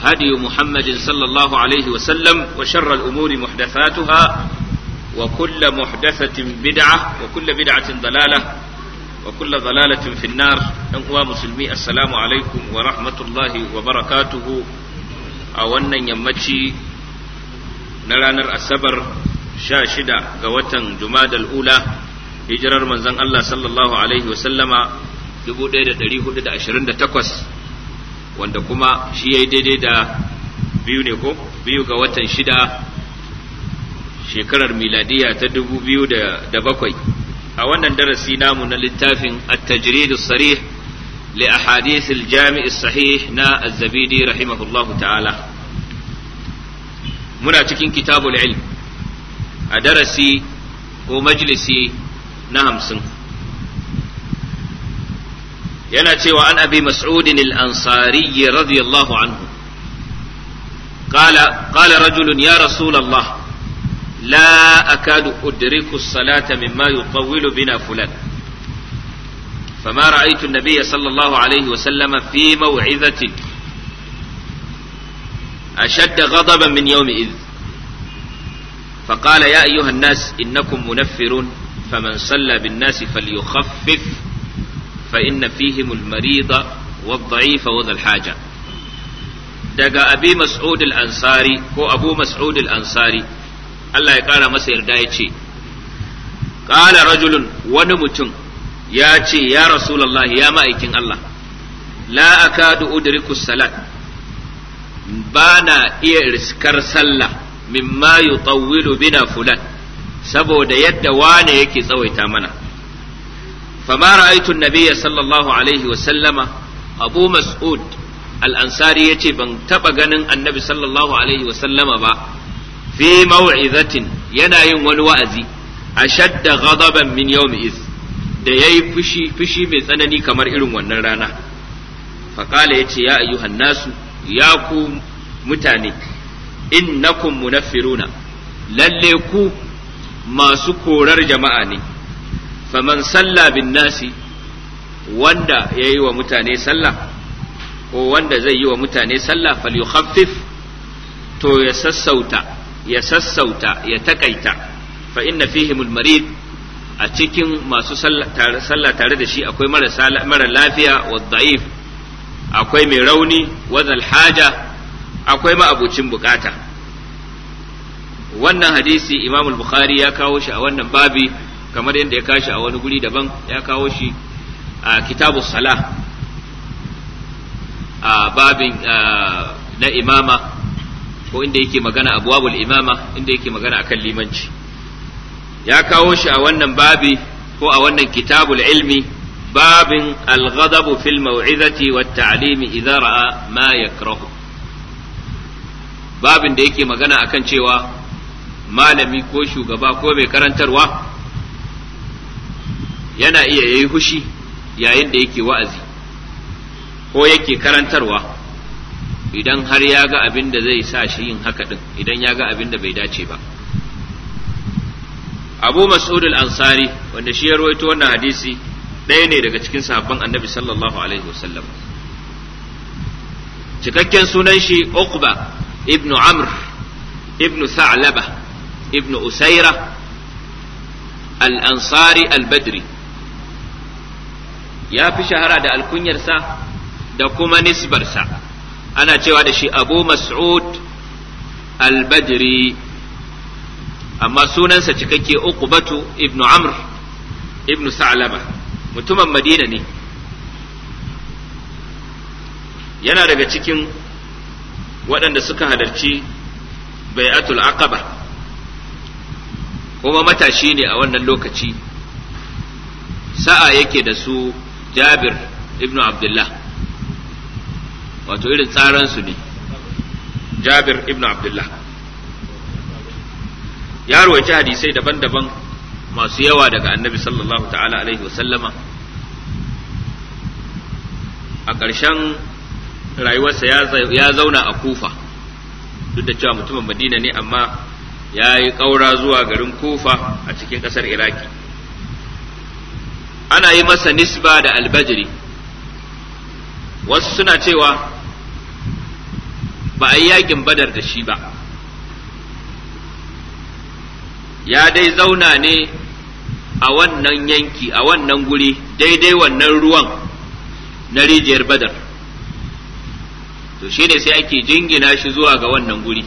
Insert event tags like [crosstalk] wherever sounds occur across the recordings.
هدي محمد صلى الله عليه وسلم وشر الأمور محدثاتها وكل محدثة بدعة وكل بدعة ضلالة وكل ضلالة في النار أنقوى مسلمي السلام عليكم ورحمة الله وبركاته أولا يمتشي نرانر السبر شاشدة قوة جماد الأولى hijirar manzon Allah sallallahu Alaihi wasallama 1428 wanda kuma shi yi daidai da biyu ne ko biyu ga watan shida shekarar miladiya ta dubu biyu da bakwai a wannan darasi namu na littafin at-tajrid sarih li ahadith al-jami' sahih na az-zabidi rahimahullahu ta'ala muna cikin kitabul ilm a darasi ko majlisi na hamsin yana cewa an abi mas'udin al-ansari radiyallahu anhu qala qala rajulun ya rasulullah لا أكاد أدرك الصلاة مما يطول بنا فلان فما رأيت النبي صلى الله عليه وسلم في موعظة أشد غضبا من يومئذ فقال يا أيها الناس إنكم منفرون فمن صلى بالناس فليخفف فإن فيهم المريض والضعيف وذا الحاجة دقا أبي مسعود الأنصاري هو أبو مسعود الأنصاري الله يقال مسير دايتشي قال رجل ونمتم ياتي يا رسول الله يا مائكين الله لا أكاد أدرك الصلاة بانا إرسكر صلى مما يطول بنا فلان saboda yadda wane yake tsawaita mana فما رأيت النبي صلى الله عليه وسلم أبو مسعود الأنصاري يتي بن تبغن النبي صلى الله عليه وسلم با في موعظة ينايم ونوأزي أشد غضبا من يوم إذ da ya yi fushi fushi mai tsanani kamar irin wannan rana faƙala ya ce ya ayyuhan nasu ya ku mutane na munafiruna lalle ku masu korar jama'a ne faman salla bin nasi wanda ya yi wa mutane sallah ko wanda zai yi wa mutane sallah falyukhaffif to ya sassauta ya sassauta ya takaita fa inna fihimul marid a cikin masu sallah tare da shi akwai mara lafiya wa da'if akwai mai rauni wazal haja akwai ma'abucin bukata wannan hadisi imamul bukhari ya kawo shi a wannan babi kamar yadda ya kashi a wani guri daban ya kawo shi a kitabu salah a babin na imama ko inda yake magana abuwabul imama inda yake magana akan limanci ya kawo shi a wannan babi ko a wannan kitabul ilmi babin alghadabu fil mau'izati wat ta'limi idza ra'a ma yakrahu babin da yake magana akan cewa malami ko shugaba ko mai karantarwa yana iya yayi hushi yayin da yake wa'azi ko yake karantarwa idan har ya ga abin da zai sa shi yin haka din idan ya ga abin da bai dace ba abu mas'ud al-ansari wanda shi ya rawaito wannan hadisi ɗaya ne daga cikin sahabban annabi sallallahu alaihi wasallam cikakken sunan shi uqba ibnu amr ibnu sa'laba ibnu usaira al-ansari al-badri ya fi shahara da alkunyarsa da kuma nisbarsa ana cewa da shi abu mas'ud al-badri amma sunansa cikakke uqbatu ibnu amr ibnu sa'laba mutumin madina ne yana daga cikin waɗanda suka halarci bai'atul aqaba kuma matashi ne a wannan lokaci sa'a yake da su jabir ibn abdullah wato irin tsaransu ne jabir ibn abdullah ya rawaita hadisai daban-daban masu yawa daga annabi sallallahu ta'ala alaihi wasallama a ƙarshen rayuwarsa ya zauna a kufa duk da cewa mutumin madina ne amma ya yi ƙaura zuwa garin kufa a cikin ƙasar iraki ana yi masa nisba da albajiri wasu suna cewa ba a yi yakin badar da shi ba ya dai zauna ne a wannan yanki a wannan guri daidai wannan ruwan na rijiyar badar to shi ne sai ake jingina shi zuwa ga wannan guri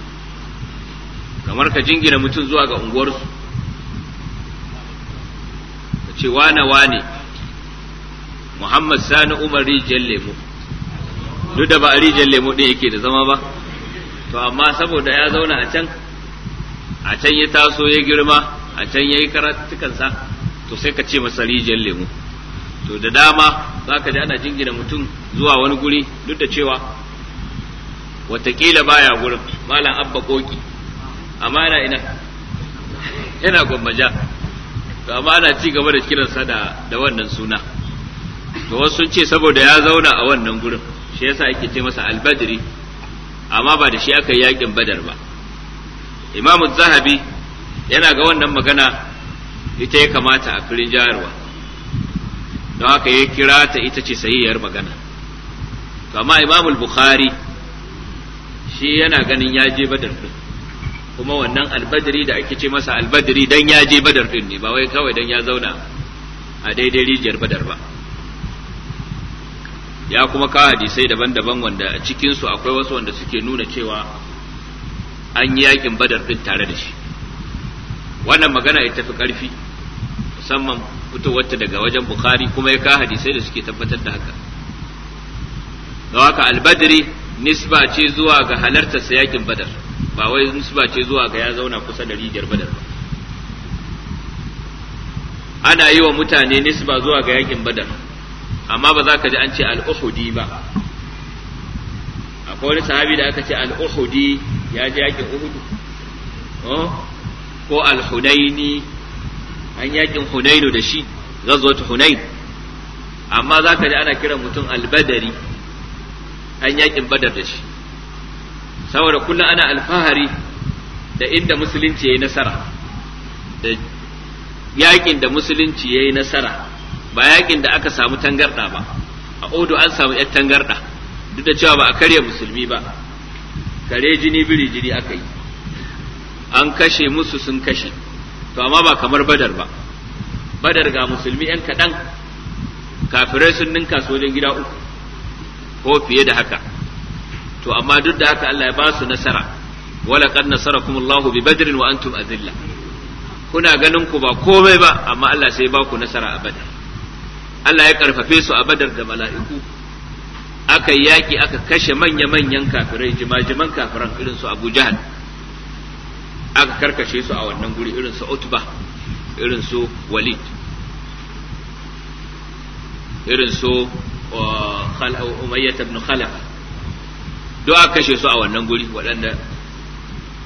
kamar ka jingina mutum zuwa ga unguwarsu ce wane ne Muhammad Sani Umar rijiyar lemu duk da ba a rijiyar lemu ɗin yake da zama ba to amma saboda ya zauna a can a can ya taso ya girma a can ya yi karatukansa to sai ka ce masa rijiyar lemu to da dama za ka ji ana jingina mutum zuwa wani guri duk da cewa watakila baya gurin malam abba koki amma yana ina gwammaja to amma ana ci gaba da kiransa da da wannan suna to wasu sun ce saboda ya zauna a wannan gurin shi yasa ake ce masa albadri amma ba da shi aka yi yakin badar ba imamu zahabi yana ga wannan magana ita ya kamata a firin jayarwa don haka ya kira ta ita ce sayiyar magana to amma imamu bukhari shi yana ganin ya je badar din kuma wannan albadri da ake ce masa albadiri dan ya je badar din ne ba wai kawai dan ya zauna a daidai rijiyar badar ba ya kuma kawo hadisai daban-daban wanda cikinsu akwai wasu wanda suke nuna cewa an yi yakin badar din tare da shi wannan magana ya tafi ƙarfi musamman fitowarta daga wajen bukhari kuma ya kawo hadisai da suke tabbatar da haka da haka albadri nisba ce zuwa ga halartar yakin badar ba wai nisba ce zuwa ga ya zauna kusa da rijiyar badar ba ana yi wa mutane ba zuwa ga yakin badar amma ba za ka ji an ce al-uhudi ba akwai wani sahabi da aka ce al-uhudi ya ji yakin uhudu ko al-hunaini an yakin hunainu da shi ghazwat hunain amma za ka ji ana kiran mutum al-badari an yakin badar da shi saboda kullum ana alfahari da inda musulunci ya yi nasara da yakin da musulunci ya yi nasara ba yakin da aka samu tangarda ba a odo an samu yar tangarda duk da cewa ba a karya musulmi ba kare jini biri jini aka yi an kashe musu sun kashe to amma ba kamar badar ba badar ga musulmi yan kaɗan kafirai sun ninka su wajen gida uku ko fiye da haka to amma duk da haka Allah ya ba su nasara wala qad nasarakum Allahu bi badrin wa antum adilla kuna ganin ku ba komai ba amma Allah sai ba ku nasara a badar Allah ya karfafe su a badar da mala'iku aka yaki aka kashe manya manyan kafirai jima-jiman kafiran irin su Abu aka karkashe su a wannan guri irin su Utba irin su Walid irin su uh, Umayyah ibn Khalaf duk a kashe su a wannan guri waɗanda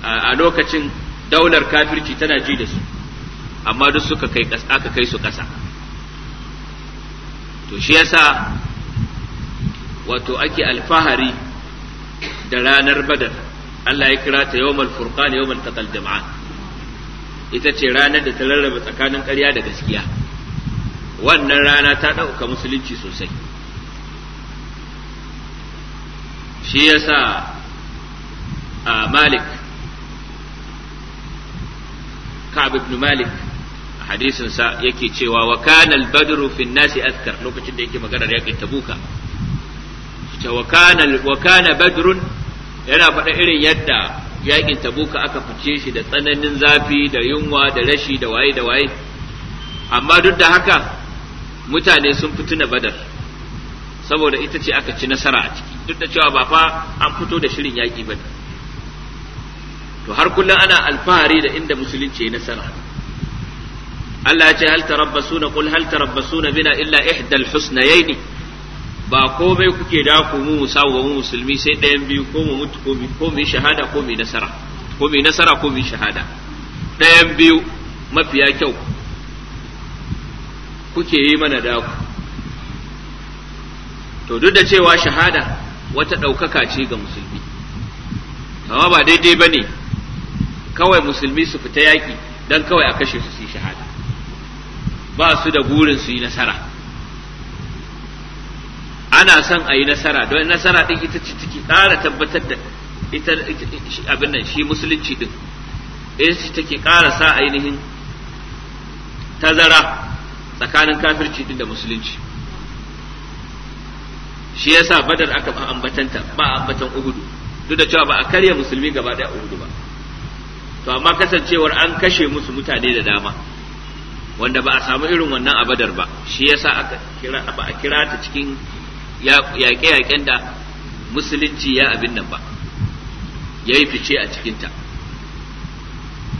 a lokacin daular kafirci tana ji da su amma duk suka kai aka kai su ƙasa to shi yasa wato ake alfahari da ranar badar Allah ya kira ta yawmal furqan yawmal taqal jama'a, ita ce ranar da ta rarraba tsakanin ƙarya da gaskiya wannan rana ta ɗauka musulunci sosai shi ya sa a malik ka'ab ibn malik a hadisinsa yake cewa wa kana al-badru fi nasi azkar lokacin da yake maganar yaƙin tabuka ta wa kana badrun yana faɗa irin yadda yakin tabuka aka fice shi da tsananin zafi da yunwa da rashi da waye da waye amma duk da haka mutane sun fituna badar saboda ita ce aka ci nasara a ciki duk da cewa ba fa an fito da shirin yaƙi ba to har kullum ana alfahari da inda musulunci ya nasara Allah ya ce hal tarabbasuna qul hal tarabbasuna bina illa ihdal husnayni ba komai kuke da ku mu musawu mu musulmi sai ɗayan biyu ko mu mutu ko mu shahada ko mu nasara ko mu nasara ko mu shahada ɗayan biyu mafiya kyau kuke yi mana ku to duk da cewa shahada wata ɗaukaka ce ga musulmi amma ba daidai ba ne kawai musulmi su fita yaƙi don kawai a kashe su su yi shahada ba su da burin su yi nasara ana son a yi nasara don nasara ɗin ita ce take ƙara tabbatar da ita abin nan shi musulunci ɗin shi take ƙara sa ainihin tazara tsakanin kafirci ɗin da musulunci shi yasa badar aka ba ambatanta ba ambatan uhudu duk da cewa ba a karya musulmi gaba daya uhudu ba to amma kasancewar an kashe musu mutane da dama wanda ba a samu irin wannan a badar ba shi yasa aka kira ba a kira ta cikin yaƙe-yaƙen da musulunci ya abin nan ba ya yi fice a cikinta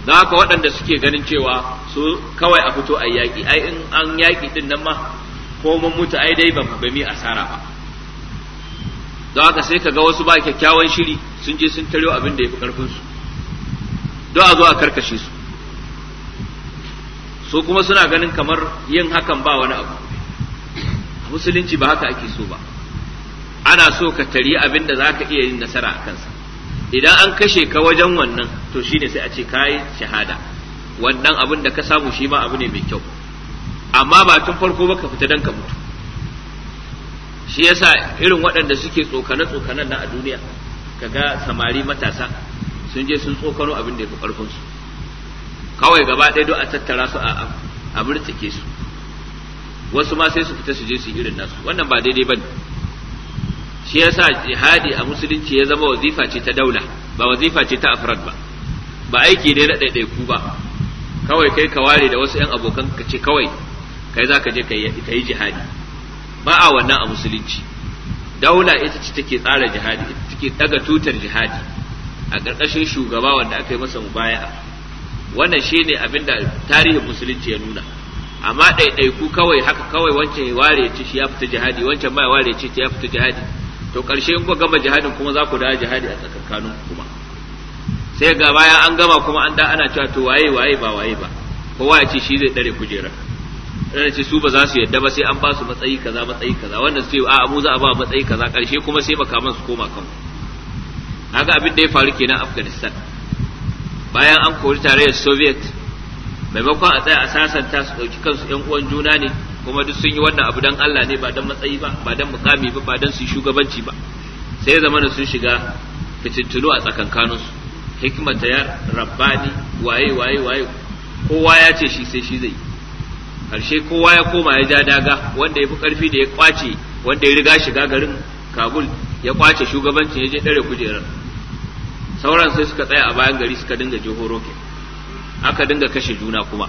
don haka waɗanda suke ganin cewa su kawai a fito a yaƙi ai in an yaƙi din nan ma ko mun mutu ai dai ba mu bami asara ba don haka sai ka ga wasu ba kyakkyawan shiri sun je sun taryo abin da ya fi ƙarfinsu don a zo a karkashe su so kuma suna ganin kamar yin hakan ba wani abu musulunci ba haka ake so ba ana so ka tari abin da za ka iya yin nasara a kansa idan an kashe ka wajen wannan to shi ne sai a ce ka yi shahada wannan abin da ka samu shi ma abu ne mai kyau amma ba tun farko ba ka fita don ka mutu shi yasa irin waɗanda suke tsokane-tsokanen nan a duniya kaga samari matasa sun je sun tsokano abin da ya fi ƙarfinsu kawai gaba ɗaya don a tattara su a amurtake su wasu ma sai su fita su je su irin nasu wannan ba daidai ba ne shi yasa jihadi a musulunci ya zama wazifa ce ta daula ba wazifa ce ta afrad ba ba aiki ne na ɗaiɗaiku ba kawai kai ka ware da wasu 'yan abokan ka ce kawai kai za ka je ka yi jihadi ba a wannan a musulunci daula ita ce take tsara jihadi ita take daga tutar jihadi a ƙarƙashin shugaba wanda aka yi masa mubaya wannan ne abin da tarihin musulunci ya nuna amma ɗaiɗaiku kawai haka kawai wancan ya ware ce shi ya fita jihadi wancan ma ya ware ce ya fita jihadi to ƙarshe in ku gama jihadin kuma za ku dawo jihadi a tsakankanin kuma sai ga baya an gama kuma an da ana cewa to waye waye ba waye ba kowa ya ce shi zai ɗare kujerar rana ce su ba za su yadda ba sai an ba su matsayi kaza matsayi kaza wannan sai a mu za a ba matsayi kaza karshe kuma sai makaman su koma na haka abin da ya faru kenan Afghanistan bayan an kori tarayyar Soviet maimakon a tsaya a sasanta su ɗauki kansu ‘yan uwan juna ne kuma duk sun yi wannan abu don Allah ne ba don matsayi ba ba don mukami ba ba don su shugabanci ba sai ya sun shiga fitintunu a su hikmata ya rabbani waye waye waye kowa ya ce shi sai shi zai yi karshe kowa ya koma ya ja daga wanda ya fi karfi da ya kwace wanda ya riga shiga garin kabul ya kwace shugabancin ya je dare kujerar sauran sai suka tsaya a bayan gari suka dinga jihoro aka dinga kashe juna kuma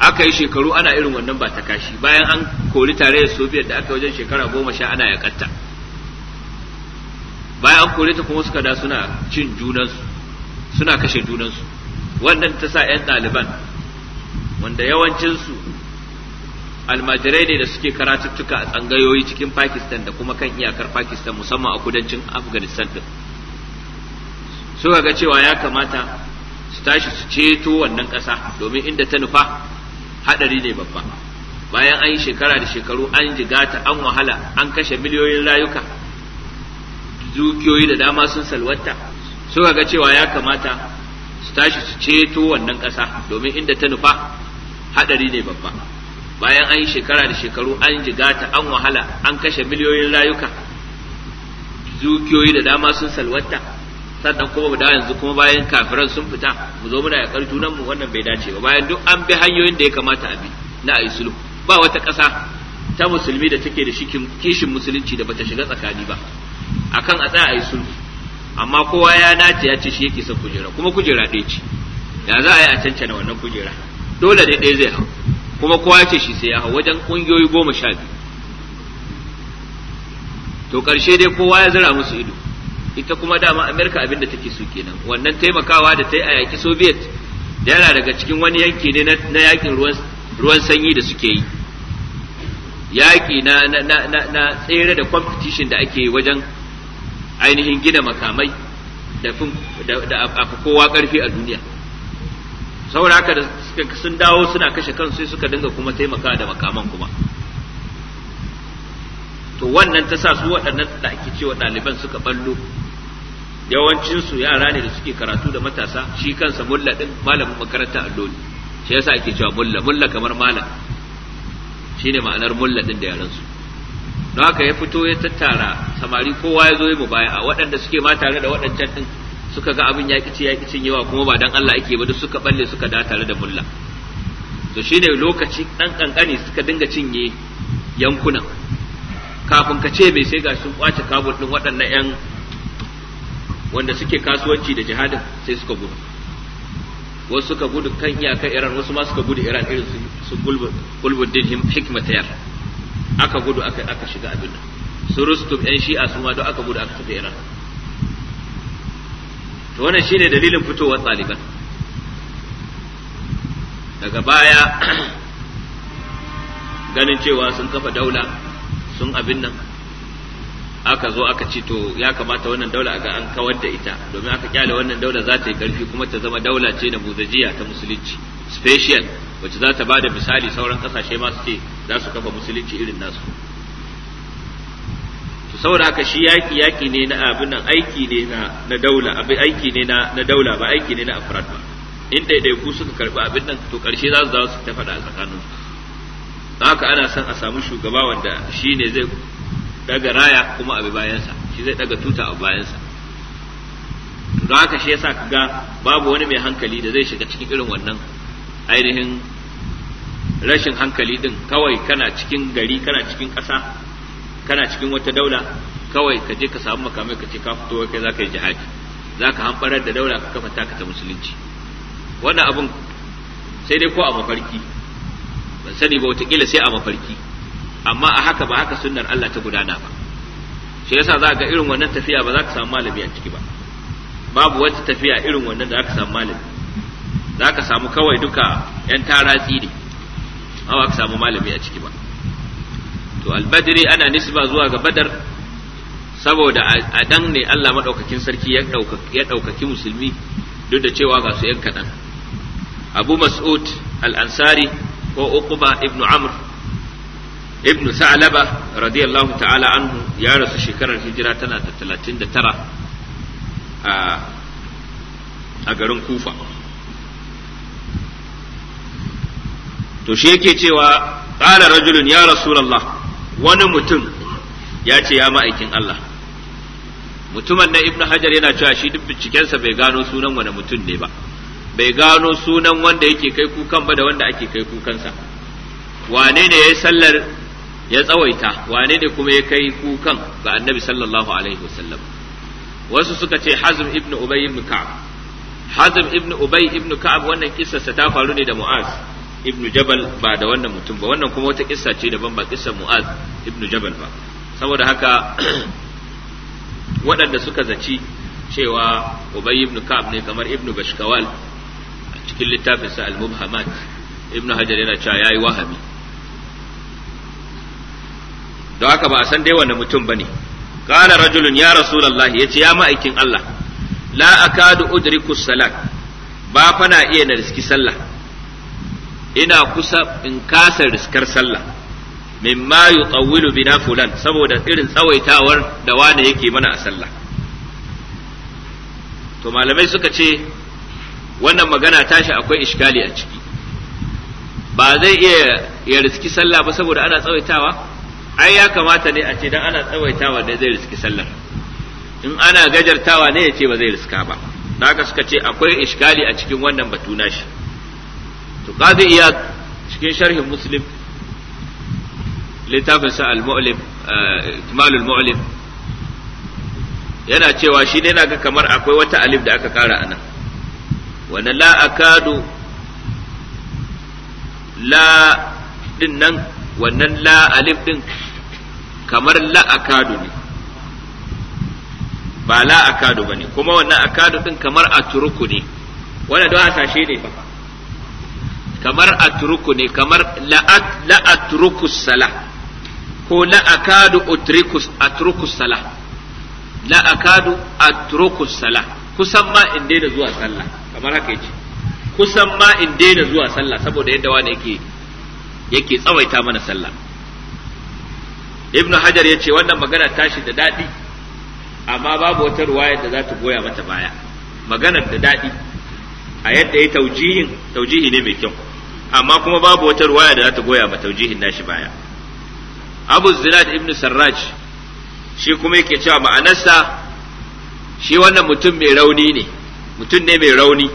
aka yi shekaru ana irin wannan ba ta kashi bayan an kori tare da soviet da aka wajen shekara goma sha ana yakatta bayan an kori ta kuma suka da suna cin junansu suna kashe junansu wannan ta sa 'yan ɗaliban wanda yawancinsu almajirai ne da suke karatuttuka a tsangayoyi cikin pakistan da kuma kan iyakar pakistan musamman a kudancin afghanistan din suka ga cewa ya kamata su tashi su ceto wannan ƙasa domin inda ta nufa haɗari ne babba bayan an yi shekara da shekaru an jigata an wahala an kashe miliyoyin rayuka dukiyoyi da dama sun salwata suka ga cewa ya kamata su tashi su ceto wannan ƙasa domin inda ta nufa hadari ne babba bayan an yi shekara da shekaru an jigata an wahala an kashe miliyoyin rayuka dukiyoyi da dama sun salwata sannan kuma mu da yanzu kuma bayan kafiran sun fita mu zo muna yakar junan mu wannan bai dace ba bayan duk an bi hanyoyin da ya kamata a bi na ayi sulhu ba wata ƙasa ta musulmi da take da kishin musulunci da bata shiga tsakani ba akan a tsaya ayi sulhu amma kowa ya nace ya ce shi yake son kujera kuma kujera ɗaya ce da za a yi a cancana wannan kujera dole ne ɗaya zai hau kuma kowa ya ce shi sai ya hau wajen ƙungiyoyi goma sha biyu to ƙarshe dai kowa ya zira musu ido ita kuma dama amerika abin da take so kenan wannan taimakawa da ta yi a yaƙi soviet da yana daga cikin wani yanki ne na yaƙin ruwan sanyi da suke yi yaƙi na na tsere da competition da ake yi wajen ainihin gina makamai da afi kowa ƙarfi a duniya saboda haka da sun dawo suna kashe kansu sai suka dinga kuma taimaka da makaman kuma to wannan ta sa su waɗannan da ake cewa ɗaliban suka ballo yawancinsu yara ne da suke karatu da matasa shi kansa mulla din malamin makaranta allo ne shi yasa ake cewa mulla mulla kamar malam shine ma'anar mulla din da su don haka ya fito ya tattara samari kowa ya zo ya mubaya waɗanda suke ma tare da waɗancan ɗin suka ga abin ya kice ya kicin yawa kuma ba dan Allah ake ba duk suka balle suka da tare da mulla to shine lokaci dan kankani suka dinga cinye yankunan kafin ka ce bai sai ga sun kwace kabul din waɗannan yan wanda suke kasuwanci da jihadin sai suka gudu wasu suka gudu kan iyakar Iran wasu ma suka gudu Iran irin su Gulbuddin Hikmatayar aka gudu aka aka shiga abin nan su Rustum yan Shi'a su ma duk aka gudu aka tafi Iran to wannan shine dalilin fitowar ɗaliban daga baya [clears throat] ganin cewa sun kafa daula sun abin nan aka zo aka ce to ya kamata wannan daula ga an kawar da ita domin aka kyale wannan daula za ta yi ƙarfi kuma ta zama daula ce na buzajiya ta musulunci special wacce za ta ba da misali sauran kasashe ma suke za su kafa musulunci irin nasu saboda haka shi yaki yaki ne na abin nan aiki ne na na daula abin aiki ne na na daula ba aiki ne na afrad ba in ku suka karbi abin nan to karshe za su su ta fada a tsakanin su haka ana son a samu shugaba wanda shi ne zai daga raya kuma abi bayansa shi zai daga tuta a bayansa don haka shi yasa ga babu wani mai hankali da zai shiga cikin irin wannan ainihin rashin hankali din kawai kana cikin gari kana cikin ƙasa kana cikin wata daula kawai ka je ka samu makamai ka ce ka fito kai za ka yi jihadi za ka hamɓarar da daula ka kafa taka ta musulunci wannan abin sai dai ko a mafarki ban sani ba watakila sai a mafarki amma a haka ba haka sunnar Allah ta gudana ba shi yasa za ga irin wannan tafiya ba za ka samu malami a ciki ba babu wata tafiya irin wannan da za ka samu malami za ka samu kawai duka 'yan taratsi ne ba za ka samu malami a ciki ba to albadri ana nisba zuwa ga badar saboda a dan ne Allah madaukakin sarki ya ɗaukaki musulmi duk da cewa ga su ‘yan kaɗan abu mas'ud al-ansari ko uquba ibn amr ibn sa'laba radiyallahu ta'ala anhu ya rasu shekarar hijira tana da 39 a garin kufa to shi yake cewa قال رجل يا رسول الله wani mutum ya ce ya ma'aikin Allah mutumin na ibnu hajar yana cewa shi duk bincikensa bai gano sunan wani mutum ne ba bai gano sunan wanda yake kai kukan ba da wanda ake kai kukansa wane ne ya yi sallar ya tsawaita wane ne kuma ya kai kukan ga annabi sallallahu alaihi wasallam wasu suka ce hazm ibnu ubay ibn ka'ab hazm ibnu ubay ibn ka'ab wannan kissarsa ta faru ne da mu'az ibnu jabal ba da wannan mutum ba wannan kuma wata kissa ce daban ba kissa mu'az ibnu jabal ba saboda haka [clears throat] waɗanda suka zaci cewa ubay ibn ka'ab ne kamar Ibnu bashkawal a cikin littafinsa al-mubhamat Ibnu hajar yana cewa yayi wahami don haka ba a san dai wannan mutum bane qala rajulun ya rasulullahi yace ya ma'aikin Allah la akadu udriku salat ba fa na iya na riski sallah ina kusa in kasa riskar sallah mimma yutawwilu bina fulan saboda irin tsawaitawar da wani yake mana a sallah to malamai suka ce wannan magana tashi akwai iskali a ciki ba zai iya ya riski sallah ba saboda ana tsawaitawa ai ya kamata ne a ce dan ana tsawaitawa ne zai riski sallar in ana gajartawa ne ya ce ba zai riska ba haka suka ce akwai iskali a cikin wannan batu shi to qadi iyad cikin sharhin muslim littafin sa al-mu'lim eh, ikmalul mu'lim yana cewa shi ne dai ga kamar akwai wata alif da aka kara anan wanda la akadu la din nan wannan la alif din kamar la akadu ne ba la akadu ne. kuma wannan akadu din kamar turuku ne wanda don a sashe ne ba kamar atruku ne kamar la atruku sala ko la akadu atruku sala la akadu atruku sala kusan ma in daina zuwa sallah kamar haka yace kusan ma in daina zuwa sallah saboda yadda wani yake yake tsawaita mana sallah ibnu hajar yace wannan magana tashi da dadi amma babu wata ruwaya da za ta goya mata baya maganar da dadi a yadda ya taujihin taujihi ne mai kyau amma kuma babu wata ruwaya da za ta goya ma taujihin nashi baya abu zinad ibn sarraj shi kuma yake cewa ma'anarsa shi wannan mutum mai rauni ne mutum ne mai rauni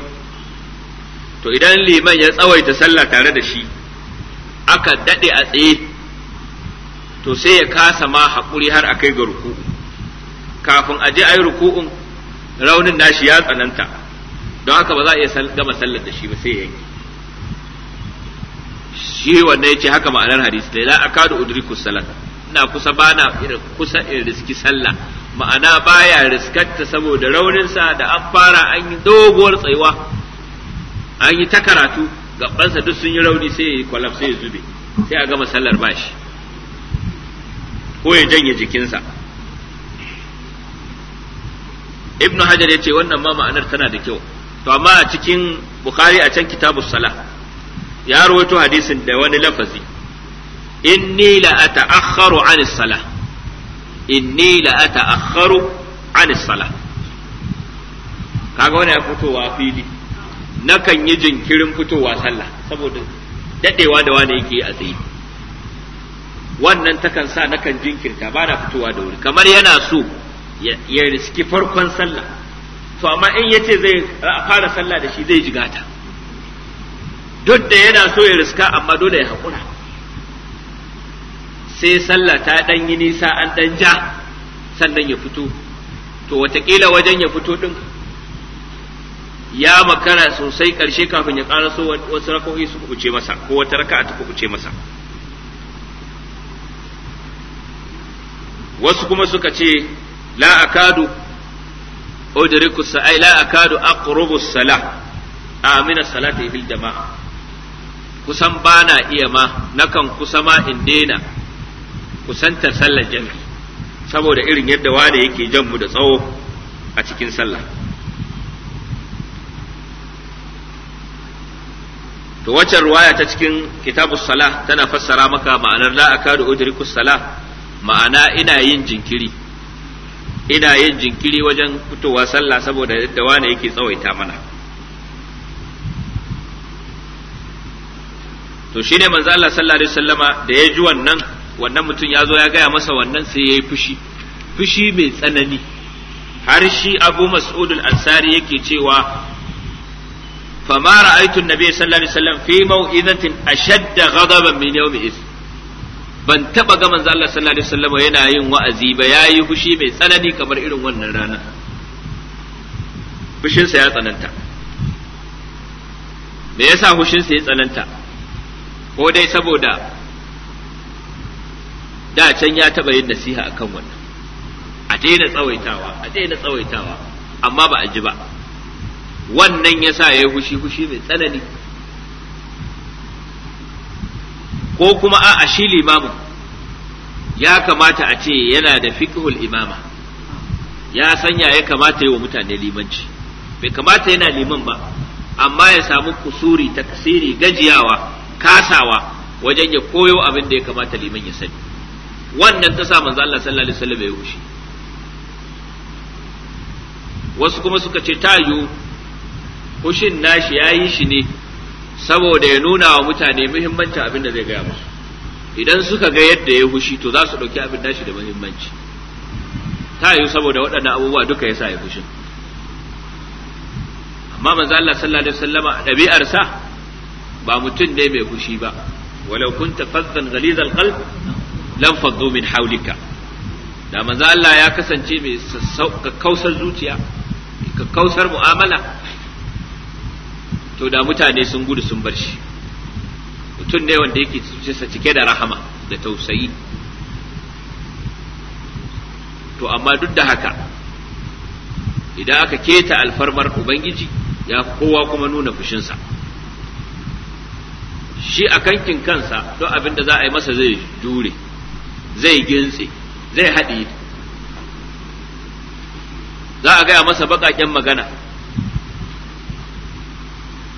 to idan liman ya tsawaita sallah tare da shi aka daɗe a tsaye to sai ya kasa ma haƙuri har a kai ga ruku'u kafin a je a ruku'un raunin nashi ya tsananta don haka ba za a iya gama sallar da shi ba sai yanki shi wanda yace haka ma'anar hadisi da la akadu udriku salat ina kusa bana kusa in riski sallah ma'ana baya riskarta saboda raunin sa da an fara an yi doguwar tsayuwa an yi ta karatu gabansa duk sun yi rauni sai ya kwalaf sai ya zube sai a gama sallar bashi ko ya janye jikinsa ibnu hajar ya ce wannan ma ma'anar tana da kyau to amma a cikin bukhari a can kitabus salah ya rawaito hadisin da wani lafazi inni la ata'akharu 'an as-salah inni la ata'akharu 'an as-salah kaga wani ya fitowa fili nakan yi jinkirin fitowa sallah saboda dadewa da wani yake a tsaye wannan takan sa nakan jinkirta ba na fitowa da wuri kamar yana so ya riski farkon sallah to amma in yace zai fara sallah da shi zai jigata duk da yana so ya riska amma dole ya haƙura sai sallah ta ɗan yi nisa an ɗan ja sannan ya fito to watakila wajen ya fito ɗin ya makara sosai ƙarshe kafin ya so wasu rakohi su kuce masa ko wata raka'a ta kuce masa wasu kuma suka ce la akadu udriku sa'ai la akadu aqrubu salah amina salati bil jama'a kusan ba na iya ma nakan kusa ma in daina kusantar sallar jami'i saboda irin yadda wane yake jan mu da tsawo a cikin sallah to wacce ruwaya ta cikin kitabus salah tana fassara maka ma'anar la akadu udrikus salah ma'ana ina yin jinkiri ina yin jinkiri wajen fitowa sallah saboda yadda wane yake tsawaita mana to shine manzo Allah sallallahu alaihi wasallama da ya ji wannan wannan mutum ya zo ya gaya masa wannan sai ya yi fushi fushi mai tsanani har shi abu mas'ud al-ansari yake cewa fama ra'aytu an-nabiy sallallahu alaihi wasallam fi mau'izatin ashadda ghadaban min yawm iz ban taba ga manzo Allah sallallahu alaihi wasallam yana yin wa'azi ba yayi fushi mai tsanani kamar irin wannan rana fushinsa ya tsananta me yasa fushinsa ya tsananta ko dai saboda da can ya taba yin nasiha akan wannan a daina tsawaitawa a daina tsawaitawa amma ba a ji ba wannan ya sa ya yi hushi-hushi mai tsanani ko kuma a shi limamin ya kamata a ce yana da fiqhul imama ya sanya ya kamata yi wa mutane limanci bai kamata yana liman ba amma ya samu kusuri ta takasiri gajiyawa kasawa wajen ya koyo abin da ya kamata liman ya sani wannan ta sa manzo Allah sallallahu alaihi wasallam ya hushi wasu kuma suka ce tayu hushin nashi yayi shi ne saboda ya nuna wa mutane muhimmancin abin da zai gaya musu idan suka ga yadda ya hushi to za su ɗauki abin nashi da muhimmanci ta yiwu saboda waɗannan abubuwa duka ya sa ya fushin amma manzo Allah sallallahu alaihi wasallama ɗabi'arsa ba mutum ne mai fushi ba walau kunta fazzan ghalizal qalb lam faddu min hawlika da manzo Allah ya kasance mai kausar zuciya kausar mu'amala to da mutane sun gudu sun bar shi mutum ne wanda yake sa cike da rahama da tausayi to amma duk da haka idan aka keta alfarmar ubangiji ya kowa kuma nuna fushinsa shi a kankin kansa to abin da za a yi masa zai jure zai gintse zai haɗe za a gaya masa baƙaƙen magana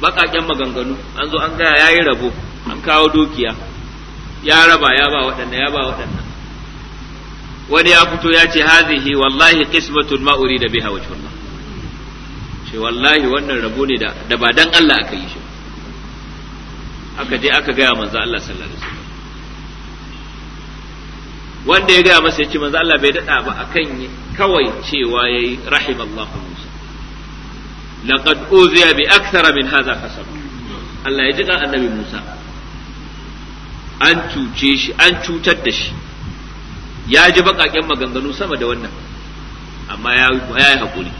baƙaƙen maganganu an zo an gaya ya yi rabo an kawo dukiya ya raba ya ba waɗanda ya ba waɗanda wani ya fito ya ce hazihi wallahi qismatun ma da biha wajhullah ce wallahi wannan rabo ne da ba dan Allah aka yi shi aka je aka gaya manzo Allah sallallahu alaihi wasallam wanda ya gaya masa ya ce manzo Allah bai dada ba akan kawai cewa yayi rahimallahu Musa laqad uziya bi akthara min hadha kasab Allah ya jika annabi Musa an cuce shi an cutar da shi ya ji bakaken maganganu sama da wannan amma ya yi haƙuri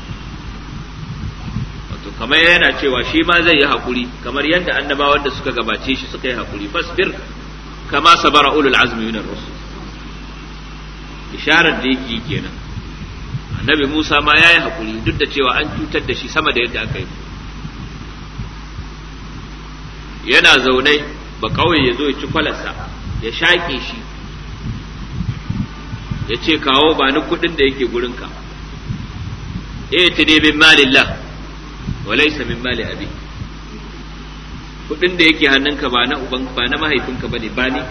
kamar yana cewa shi ma zai yi hakuri kamar yadda annabawan da suka gabace shi suka yi hakuri fasbir kama sabara ulul azmi minar rusul isharar da yake kenan annabi Musa ma ya yi hakuri duk da cewa an cutar da shi sama da yadda aka yi yana zaune ba kawai ya zo ya ci kwalarsa ya shaƙe shi ya ce kawo ba ni kuɗin da yake gurinka ka ta malillah walaysa min mali abi kudin da yake hannunka ba na uban ba na mahaifinka bane ba ne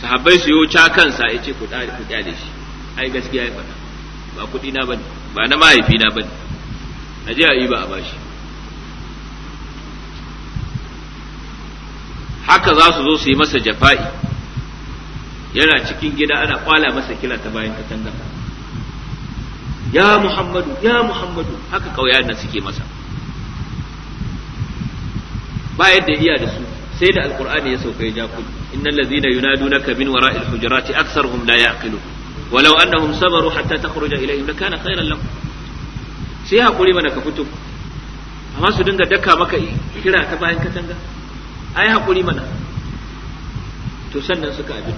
sahabbai su yo wuce kansa yace ku da ku da shi ai gaskiya ya faɗa ba kudi na bane ba na mahaifi na bane aje a yi ba a bashi haka za su zo su yi masa jafa'i yana cikin gida ana kwala masa kila ta bayan katanga ya muhammadu ya muhammadu haka kauya nan suke masa ba yadda iya da su sai da alkur'ani ya sauka ya ja kullu innal ladzina yunadunaka min wara'il hujurati la walau annahum sabaru hatta takhruja ilayhim lakana lahum sai hakuri mana ka fito amma su dinga daka maka kira ta bayan katanga ai hakuri mana to sannan suka abin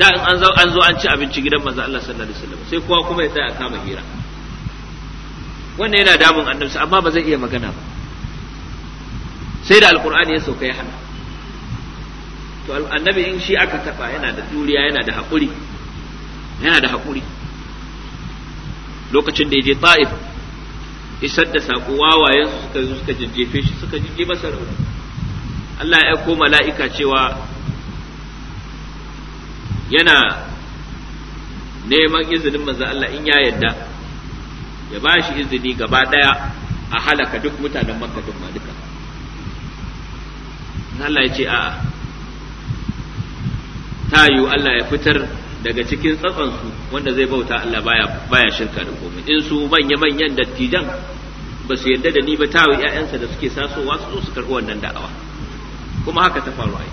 da in an zo an zo an ci abinci gidan manzo Allah sallallahu alaihi wasallam sai kowa kuma ya tsaya kama hira wannan yana damun annabi amma ba zai iya magana ba sai da alqur'ani ya sauka ya hana to annabi in shi aka taba yana da duriya yana da hakuri yana da hakuri lokacin da ya je ta'if isar da saƙo wawayen suka zo suka jajjefe shi suka jijje masa rauni Allah ya aiko mala'ika cewa yana neman izinin manzo Allah in ya yadda ya ba shi izini gaba daya a halaka duk mutanen makka duk ma duka Allah ya ce a'a ta yiwu Allah ya fitar daga cikin tsatsansu wanda zai bauta Allah baya baya shirka da komai in su manya manyan dattijan ba su yarda da ni ba tawo ƴaƴansa da suke sasowa su zo su karɓi wannan da'awa kuma haka ta faru ai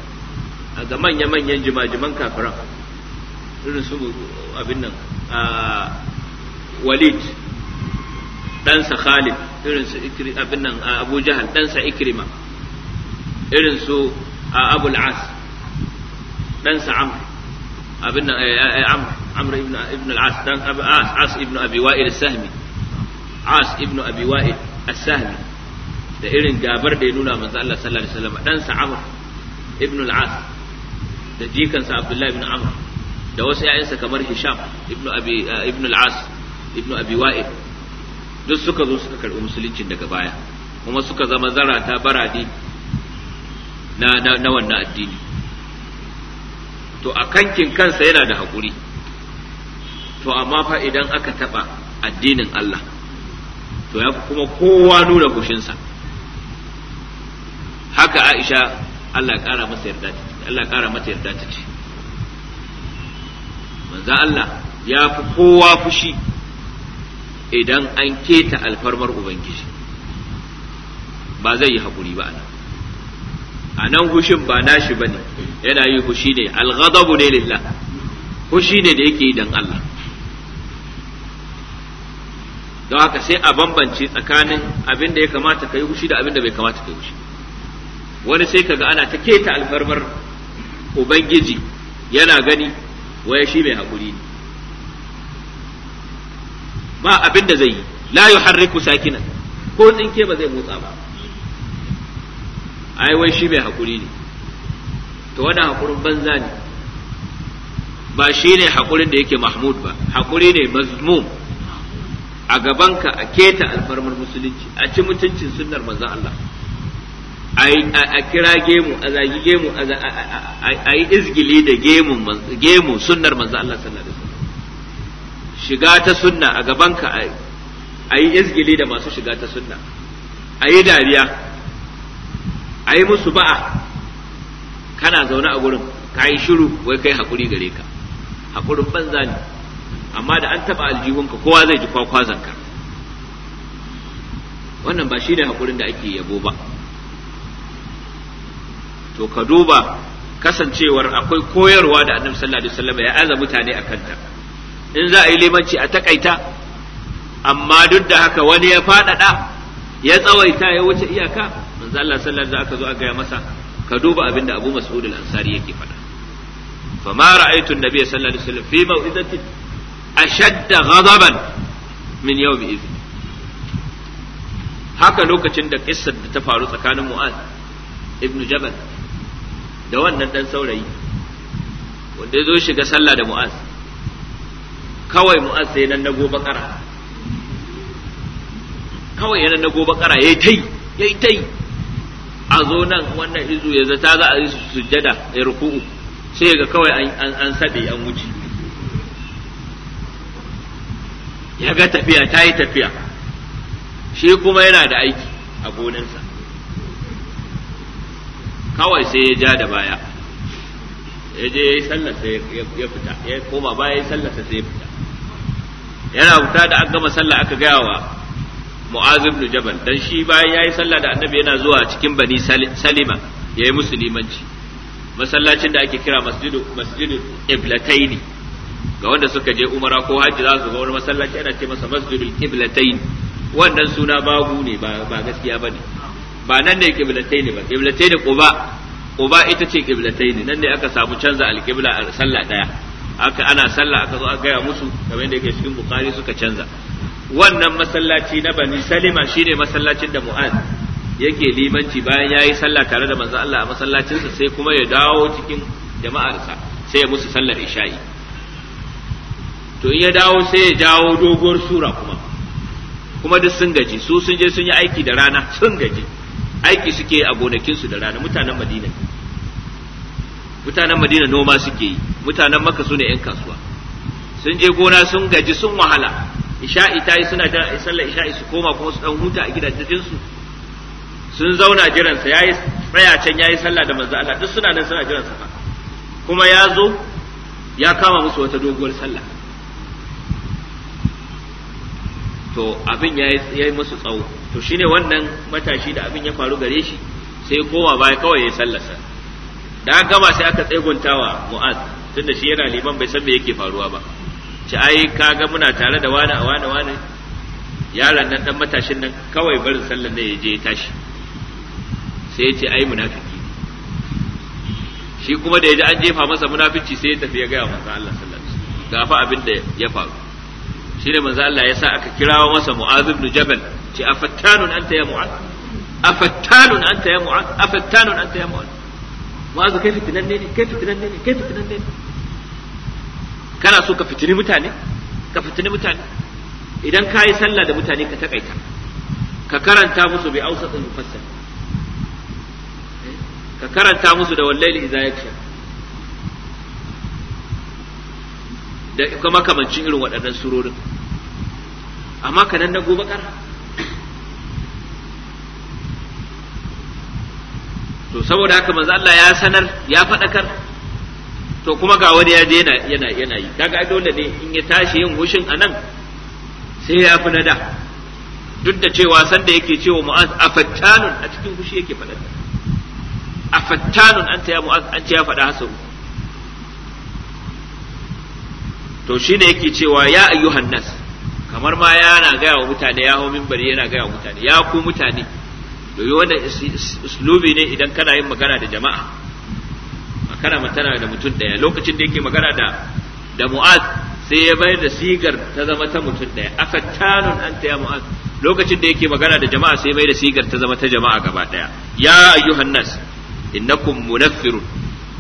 a ga manya manyan jimajiman kafiran irin su abin nan walid ɗansa khalid irin su abin nan abu jahal ɗansa ikrima irin su abu as ɗansa amr abin nan eh, eh, eh, amr amr ibn al-as dan as ibn abi wa'il as-sahmi as ibn abi wa'il as-sahmi da irin gabar da ya nuna manzo Allah sallallahu alaihi wasallam ɗansa amr ibn al-as da jikansa abdullahi ibn amr da wasu ‘ya'yansa kamar Hisham ibn eh, al-As ibn Abi Wa'ib duk suka zo suka karɓi musuluncin daga baya kuma suka zama zarata barade na, na, wannan addini to a kankin kansa yana da hakuri, to amma fa idan aka taɓa addinin Allah to ya kuma kowa nuna fushinsa haka Aisha Allah ya ƙara mata yarda ta ce manzo Allah ya fi kowa fushi idan an keta alfarmar ubangiji ba zai yi hakuri ba anan a nan hushin ba nashi ba ne yana yi hushi ne alghadabu ne lillah hushi ne da yake yi dan Allah don haka sai a bambance tsakanin abin da ya kamata ka yi hushi da abin da bai kamata ka yi hushi wani sai kaga ana ta keta alfarmar ubangiji yana gani waye shi mai hakuri ne ba abin da zai yi la yuharriku sakinan ko tsinke ba zai motsa ba ai wai shi mai hakuri ne to wannan hakurin banza ne ba shi ne hakurin da yake mahmud ba hakuri ne mazmum a gabanka a keta alfarmar musulunci a ci mutuncin sunnar manzon Allah a kira gemu a zagi gemu a yi izgili da gemu sunnar manzo Allah sallallahu alaihi shiga ta sunna a gabanka a yi izgili da masu shiga ta sunna a yi dariya a yi musu ba'a kana zaune a gurin ka yi shiru wai kai haƙuri gare ka haƙurin banza ne amma da an taɓa aljihunka kowa zai ji kwakwazanka wannan ba shi ne haƙurin da ake yabo ba to ka duba kasancewar akwai koyarwa da annabi sallallahu alaihi wasallam ya aza mutane a kanta in za a yi limanci a takaita amma duk da haka wani ya faɗaɗa ya tsawaita ya wuce iyaka manzo Allah sallallahu alaihi aka zo aka gaya masa ka duba abin da Abu Mas'ud al-Ansari yake faɗa fa ma ra'aytu an-nabiy sallallahu alaihi wasallam fi mau'izatin ashadda ghadaban min yawmi idhin haka lokacin da kissar da ta faru tsakanin Mu'az ibn Jabal da wannan dan saurayi wanda ya zo shiga sallah da mu'az kawai mu'az sai nan nago bakara kawai yanan nago bakara yayi tai yayi tai a zo nan wannan izu ya ta za a yi sujjada ya ruku'u sai ga kawai an an sade an wuce ya ga tafiya ta yi tafiya shi kuma yana da aiki a gonansa kawai sai ya ja da baya ya je ya yi sallarsa ya fita ya koma baya ya yi sallarsa sai ya fita yana fita da an gama sallah aka gaya wa mu'az ibn jabal dan shi bayan yayi sallah da annabi yana zuwa cikin bani salima yayi musulmanci masallacin da ake kira masjidu masjidu ga wanda suka je umara ko hajji za su ga wani masallaci ana ce masa masjidul iblataini wannan suna babu ne ba gaskiya bane ba nan ne kiblatai ne ba kiblatai ne quba quba ita ce kiblatai ne nan ne aka samu canza alqibla a sallah daya aka ana sallah aka zo aka gaya musu kamar yadda yake cikin bukhari suka canza wannan masallaci na bani salima shine masallacin da mu'az yake limanci bayan yayi sallah tare da manzo Allah a sa sai kuma ya dawo cikin jama'arsa sai ya musu sallar isha'i to ya dawo sai ya jawo doguwar sura kuma kuma duk sun gaji su sun je sun yi aiki da rana sun gaji aiki suke a gonakinsu da rana mutanen madina mutanen madina noma suke yi mutanen maka su ne 'yan kasuwa sun je gona sun gaji sun wahala isha'i ta yi suna jira sallar isha'i su koma kuma su dan huta a gidajensu sun zauna jiransa yayi tsaya can yayi sallah da manzo Allah duk suna nan suna jiransa kuma ya zo ya kama musu wata doguwar sallah to abin ya yi musu tsawo to shine wannan matashi da abin ya faru gare shi sai koma baya kawai ya sallasa da gama sai aka tsaiguntawa mu'az tunda shi yana liman bai san me yake faruwa ba ci ai kaga muna tare da wani a wani wani yaran nan dan matashin nan kawai barin sallar ne ya je ya tashi sai ya ce ai munafiki shi kuma da ya ji an jefa masa munafici sai ya tafi ya gaya masa Allah sallallahu alaihi wasallam ga fa abin da ya faru shi ne manzo Allah ya sa aka kirawo masa Mu'adh ibn Jabal ce afattanun anta ya Mu'adh afattanun anta ya Mu'adh afattanun anta ya Mu'adh Mu'adh kai fitinan ne kai fitinan ne kai fitinan ne kana so ka fitini mutane ka fitini mutane idan ka yi sallah da mutane ka takaita ka karanta musu bi ausatul mufassal eh? ka karanta musu da wallahi idza yaksha da kuma kamancin irin waɗannan surorin amma kanan na gobe kar to saboda haka manzo Allah ya sanar ya faɗakar to kuma ga wani ya je yana yana yi daga dole ne in ya tashi yin hushin anan sai ya fi nada duk da cewa sanda yake cewa mu'az afattanun a cikin hushi yake faɗa afattanun ta ya mu'az an ce ya faɗa hasu to shine yake cewa ya ayyuhan nas kamar ma yana gaya wa mutane ya hau mimbari yana gaya wa mutane ya ku mutane domin wannan uslubi ne idan kana yin magana da jama'a kana matana da mutum daya lokacin da yake magana da da mu'az sai ya bayar da sigar ta zama ta mutum daya aka tanun an ta ya mu'az lokacin da yake magana da jama'a sai bayar da sigar ta zama ta jama'a gaba daya ya ayyuhan nas innakum munaffirun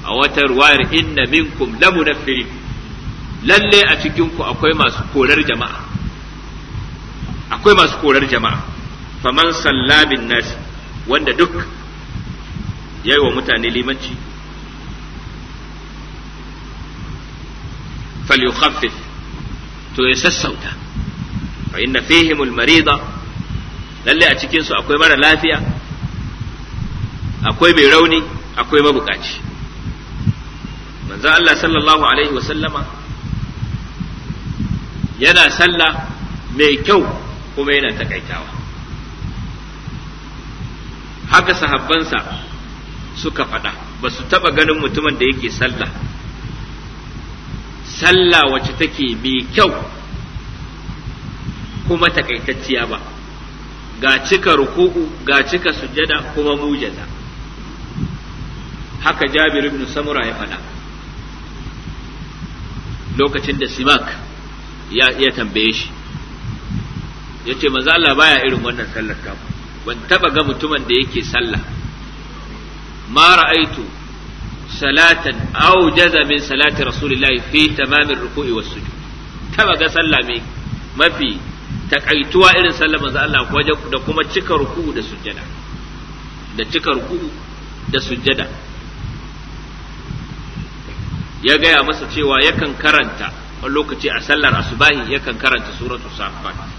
a wata ruwayar inna minkum la munaffirin lalle a cikin ku akwai masu korar jama'a akwai masu korar jama'a faman sallabin nasi wanda duk ya yi wa mutane limanci falyukhaffif to ya sassauta fa inna fihim almarida lalle a cikin su akwai mara lafiya akwai mai rauni akwai mabukaci manzo Allah sallallahu alaihi wa sallama yana sallah mai kyau kuma yana takaitawa haka sahabbansa suka faɗa ba su taɓa ganin mutumin da yake sallah sallah wacce take mai kyau kuma takaitacciya ba ga cika ruku'u ga cika sujada kuma mujaza haka jabir ibn samura ya faɗa lokacin da simak ya tambaye shi yace manzo Allah baya irin wannan sallar ta ban taba ga mutumin da yake sallah ma ra'aitu salatan aw jaza min salati rasulillahi fi tamamir ruku'i was sujud taba ga sallah mai mafi takaituwa irin sallar manzo Allah da kuma cika ruku'u da sujjada da cika ruku'u da sujjada ya gaya masa cewa yakan karanta wa lokaci a sallar asubahi yakan karanta suratul safat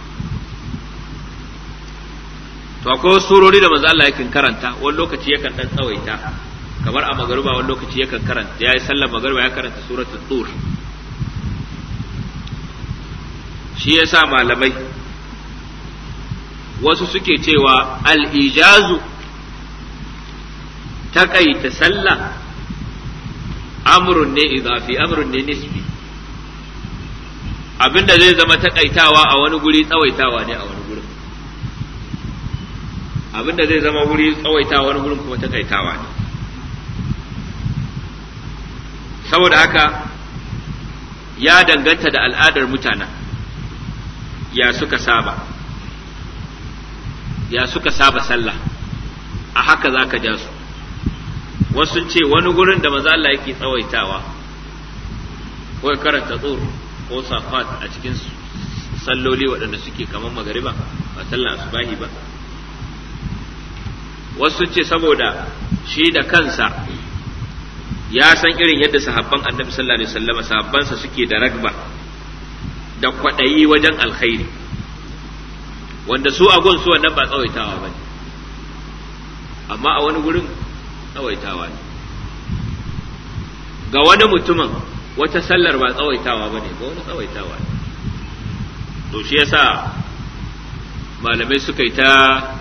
to akwai wasu surori da manzo Allah yakan karanta wani lokaci yakan dan tsawaita kamar a magariba wani lokaci yakan karanta yayi sallar magariba ya karanta suratul tur shi yasa malamai wasu suke cewa al-ijazu takaita sallah amrun ne fi, amrun ne nisbi abinda zai zama takaitawa a wani guri tsawaitawa ne a wani abinda zai zama wuri tsawaitawa wani wurin kuma takaitawa ne saboda haka ya danganta da al'adar mutanen ya suka saba ya suka saba sallah a haka za ka ja su wasu ce wani gurin da maza Allah yake tsawaitawa ko karanta tsoro ko safat a cikin salloli waɗanda suke kamar magariba ba sallah asubahi ba wasu ce saboda shi da kansa ya san irin yadda sahabban annabi sallallahu alaihi wasallam sahabbansa suke da ragba da kwaɗayi wajen alkhairi wanda su a gun su wannan ba tsawaitawa ba ne amma a wani gurin tsawaitawa ne ga wani mutumin wata sallar ba tsawaitawa ba ne ga wani tsawaitawa ne to shi yasa malamai suka yi ta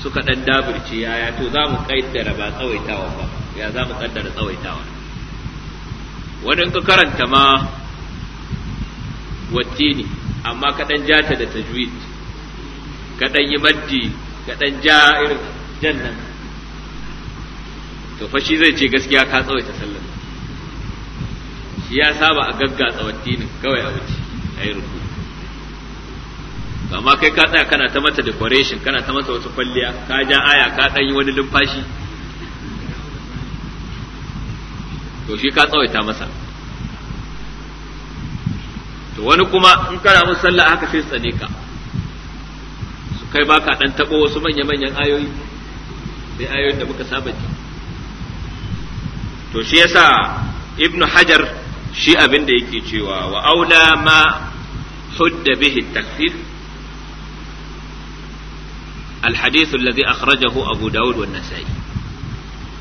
suka dan daburci, yaya to za mu kaddara ba tsawaitawa ba ya za mu kaddara tsawaitawa wani ka karanta ma wacce ne amma ka dan jata da tajwid ka dan yi maddi ka dan ja irin jannan to fa shi zai ce gaskiya ka tsawaita sallar shi ya saba a gaggatsa wattinin kawai a wuce a yi rubutu amma kai ka tsaya kana ta mata decoration kana ta mata wasu kwalliya ka ja aya ka dan yi wani lumfashi to shi ka tsawaita masa to wani kuma in kana mun sallah haka sai tsane ka su kai baka dan tabo wasu manya manyan ayoyi sai ayoyin da muka saba ji to shi yasa ibnu hajar shi abin da yake cewa wa aula ma hudda bihi takfir الحديث الذي أخرجه أبو داود والنسائي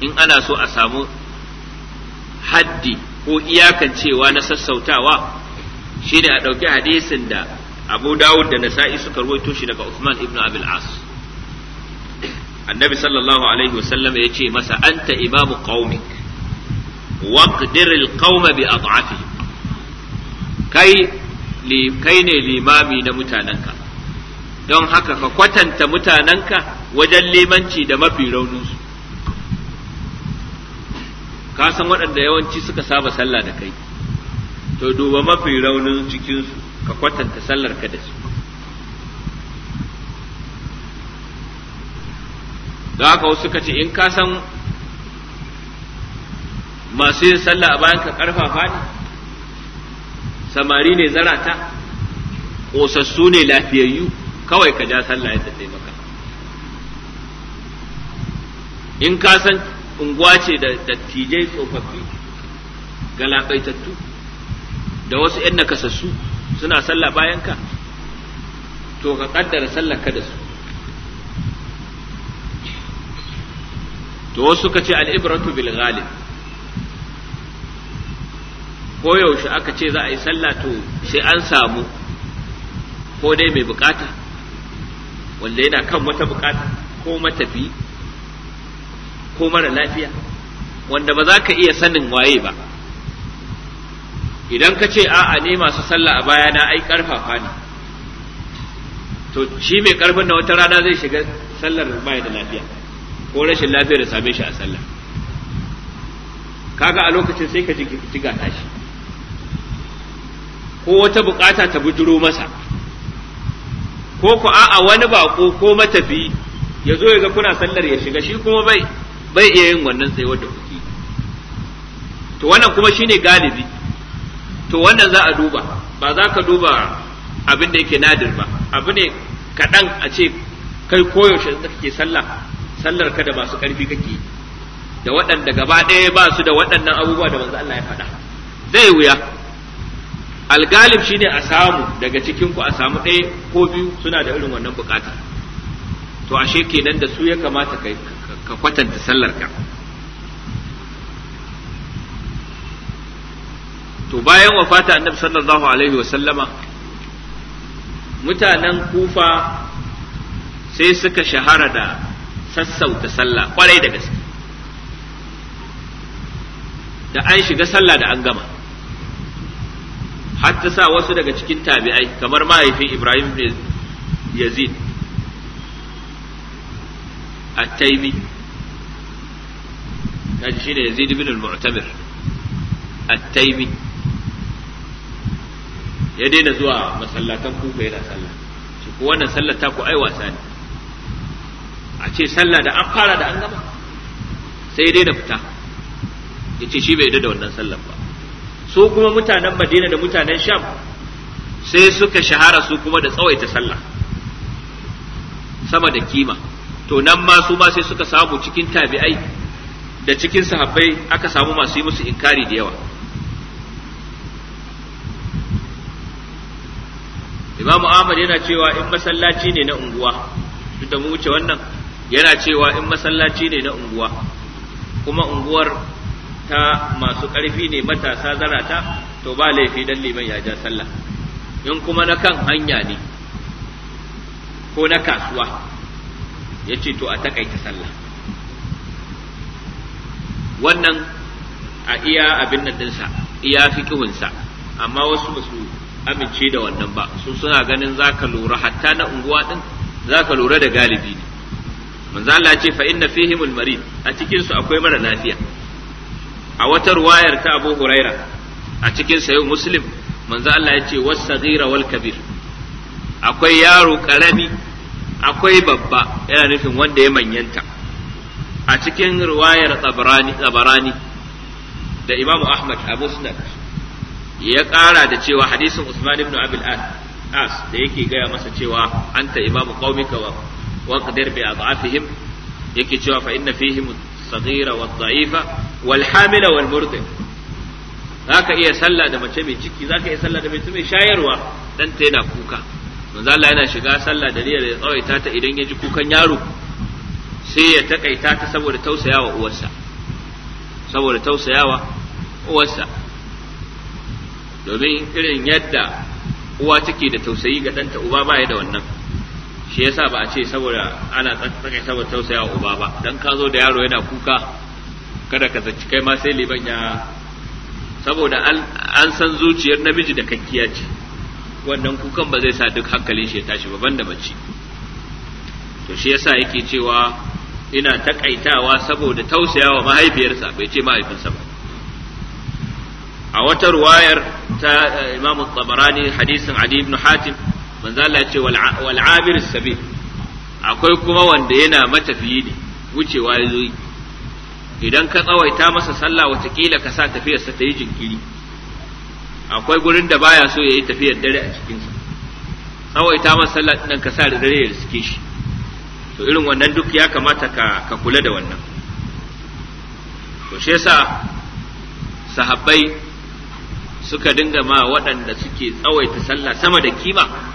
إن أنا سوء أسامو haddi ko iyakancewa na sassautawa shine a ɗauki hadisin da abu dawud da nasa'i suka ruwaito shi daga Usman ibn abil as annabi sallallahu alaihi wasallam ya ce masa anta imamu qaumik waqdir alqaum bi ad'afi kai kai ne limami na mutanenka don haka ka kwatanta mutanenka wajen limanci da mafi rauninsu ka san waɗanda yawanci suka saba sallah da kai to duba mafi raunin cikinsu ka kwatanta sallar ka da su da haka wasu ka ce in ka san masu yin sallah a bayan ka ƙarfafa ne samari ne zarata ƙosassu ne lafiyayyu kawai ka ja sallah yadda ta maka in ka san unguwa ce da dattijai tsofaffi galabaitattu da wasu 'yan nakasassu suna sallah bayan ka to ka kaddara sallah ka da su to wasu ka ce al'ibratu bil ghalib ko yaushe aka ce za a yi sallah to sai an samu ko dai mai bukata wanda yana kan wata bukata ko matafi ko mara lafiya wanda ba za ka iya sanin waye ba idan ka ce a'a ne masu sallah a baya na ai karfafa ne to shi mai karfin na wata rana zai shiga sallar mai da lafiya ko rashin lafiya da same shi a sallah kaga a lokacin sai ka ga tashi ko wata bukata ta bujuro masa ko ku a'a wani bako ko matafi ya zo ya ga kuna sallar ya shiga shi kuma bai bai iya yin wannan tsaye wadda kuke to wannan kuma shine galibi to wannan za a duba ba za ka duba abin da yake nadir ba abu ne kaɗan a ce kai koyaushe da kake sallah sallar ka da masu ƙarfi kake da waɗanda gaba ɗaya ba su da waɗannan abubuwa da manzo Allah ya faɗa zai wuya algalib shine a samu daga cikin ku a samu ɗaya ko biyu suna da irin wannan bukata to ashe kenan da su ya kamata ka kwatanta sallar ka to bayan wafata annabi sallallahu alaihi sallama, mutanen kufa sai suka shahara da sassauta sallah kwarai da gaske da an shiga sallah da an gama hatta sa wasu daga cikin tabi'ai kamar mahaifin Ibrahim bin Yazid at-Taymi kaji shine Yazid bin al-Mu'tamir at-Taymi ya daina zuwa masallatan kuka yana sallah shi ko wannan sallar ta ku ai wasa ne a ce sallah da an fara da an gama sai daina fita yace shi bai da wannan sallar ba su kuma mutanen madina da mutanen sham sai suka shahara su kuma da tsawaita sallah sama da kima to nan ma su ma sai suka samu cikin tabi'ai da cikin sahabbai aka samu masu yi musu inkari da yawa imamu ahmad yana cewa in masallaci ne na unguwa duk da mu wuce wannan yana cewa in masallaci ne na unguwa kuma unguwar ta masu ƙarfi ne matasa zarata to ba laifi dan liman ya ja sallah in kuma na kan hanya ne ko na kasuwa ya ce to a takaita sallah wannan a iya abin nan dinsa iya fiƙihunsa amma wasu ba su amince da wannan ba su suna ganin za ka lura hatta na unguwa din, za ka lura da galibi ne manzo Allah ce fa inna fihimul marid a cikin su akwai mara lafiya a wata ruwayar ta Abu Huraira a cikin sayo Muslim manzo Allah ya ce wasu saghira wal kabir akwai yaro karami akwai babba yana nufin wanda ya manyanta a cikin ruwayar tsabarani da Imam Ahmad Abu Sunan ya ƙara da cewa hadisin Usman ibn Abil As da yake gaya masa cewa anta imamu qaumika wa waqdir bi adafihim yake cewa fa inna fihim as-saghira wad-da'ifa wal hamila wal zaka iya sallah da mace mai ciki zaka iya sallah da mace mai shayarwa dan ta yana kuka manzo Allah yana shiga sallah da riyar ya tsawaita ta idan ya ji kukan yaro sai ya takaita ta saboda tausayawa uwarsa saboda tausayawa uwarsa domin irin yadda uwa take da tausayi ga ɗanta uba baya da wannan shi yasa ba a ce saboda ana tsakai saboda tausaya wa uba ba dan ka zo da yaro yana kuka kada ka zaci kai ma sai liban ya saboda an san zuciyar namiji da kakkiya ce wannan kukan ba zai sa duk hankalin shi ya tashi ba banda mace to shi yasa yake cewa ina takaitawa saboda tausaya wa mahaifiyarsa bai ce mahaifinsa ba a wata ruwayar ta eh, imamu tabarani hadisin ali ibn hatim manzo Allah ya ce wal abir sabil akwai kuma wanda yana matafiyi ne wucewa ya idan ka tsawaita masa sallah watakila ka sa tafiyarsa ta yi jinkiri akwai gurin da baya so ya yi tafiyar dare a cikinsa tsawaita masa sallah din ka sa da dare ya riske shi to irin wannan duk ya kamata ka kula da wannan to shi yasa sahabbai suka dinga ma waɗanda suke tsawaita sallah sama da kima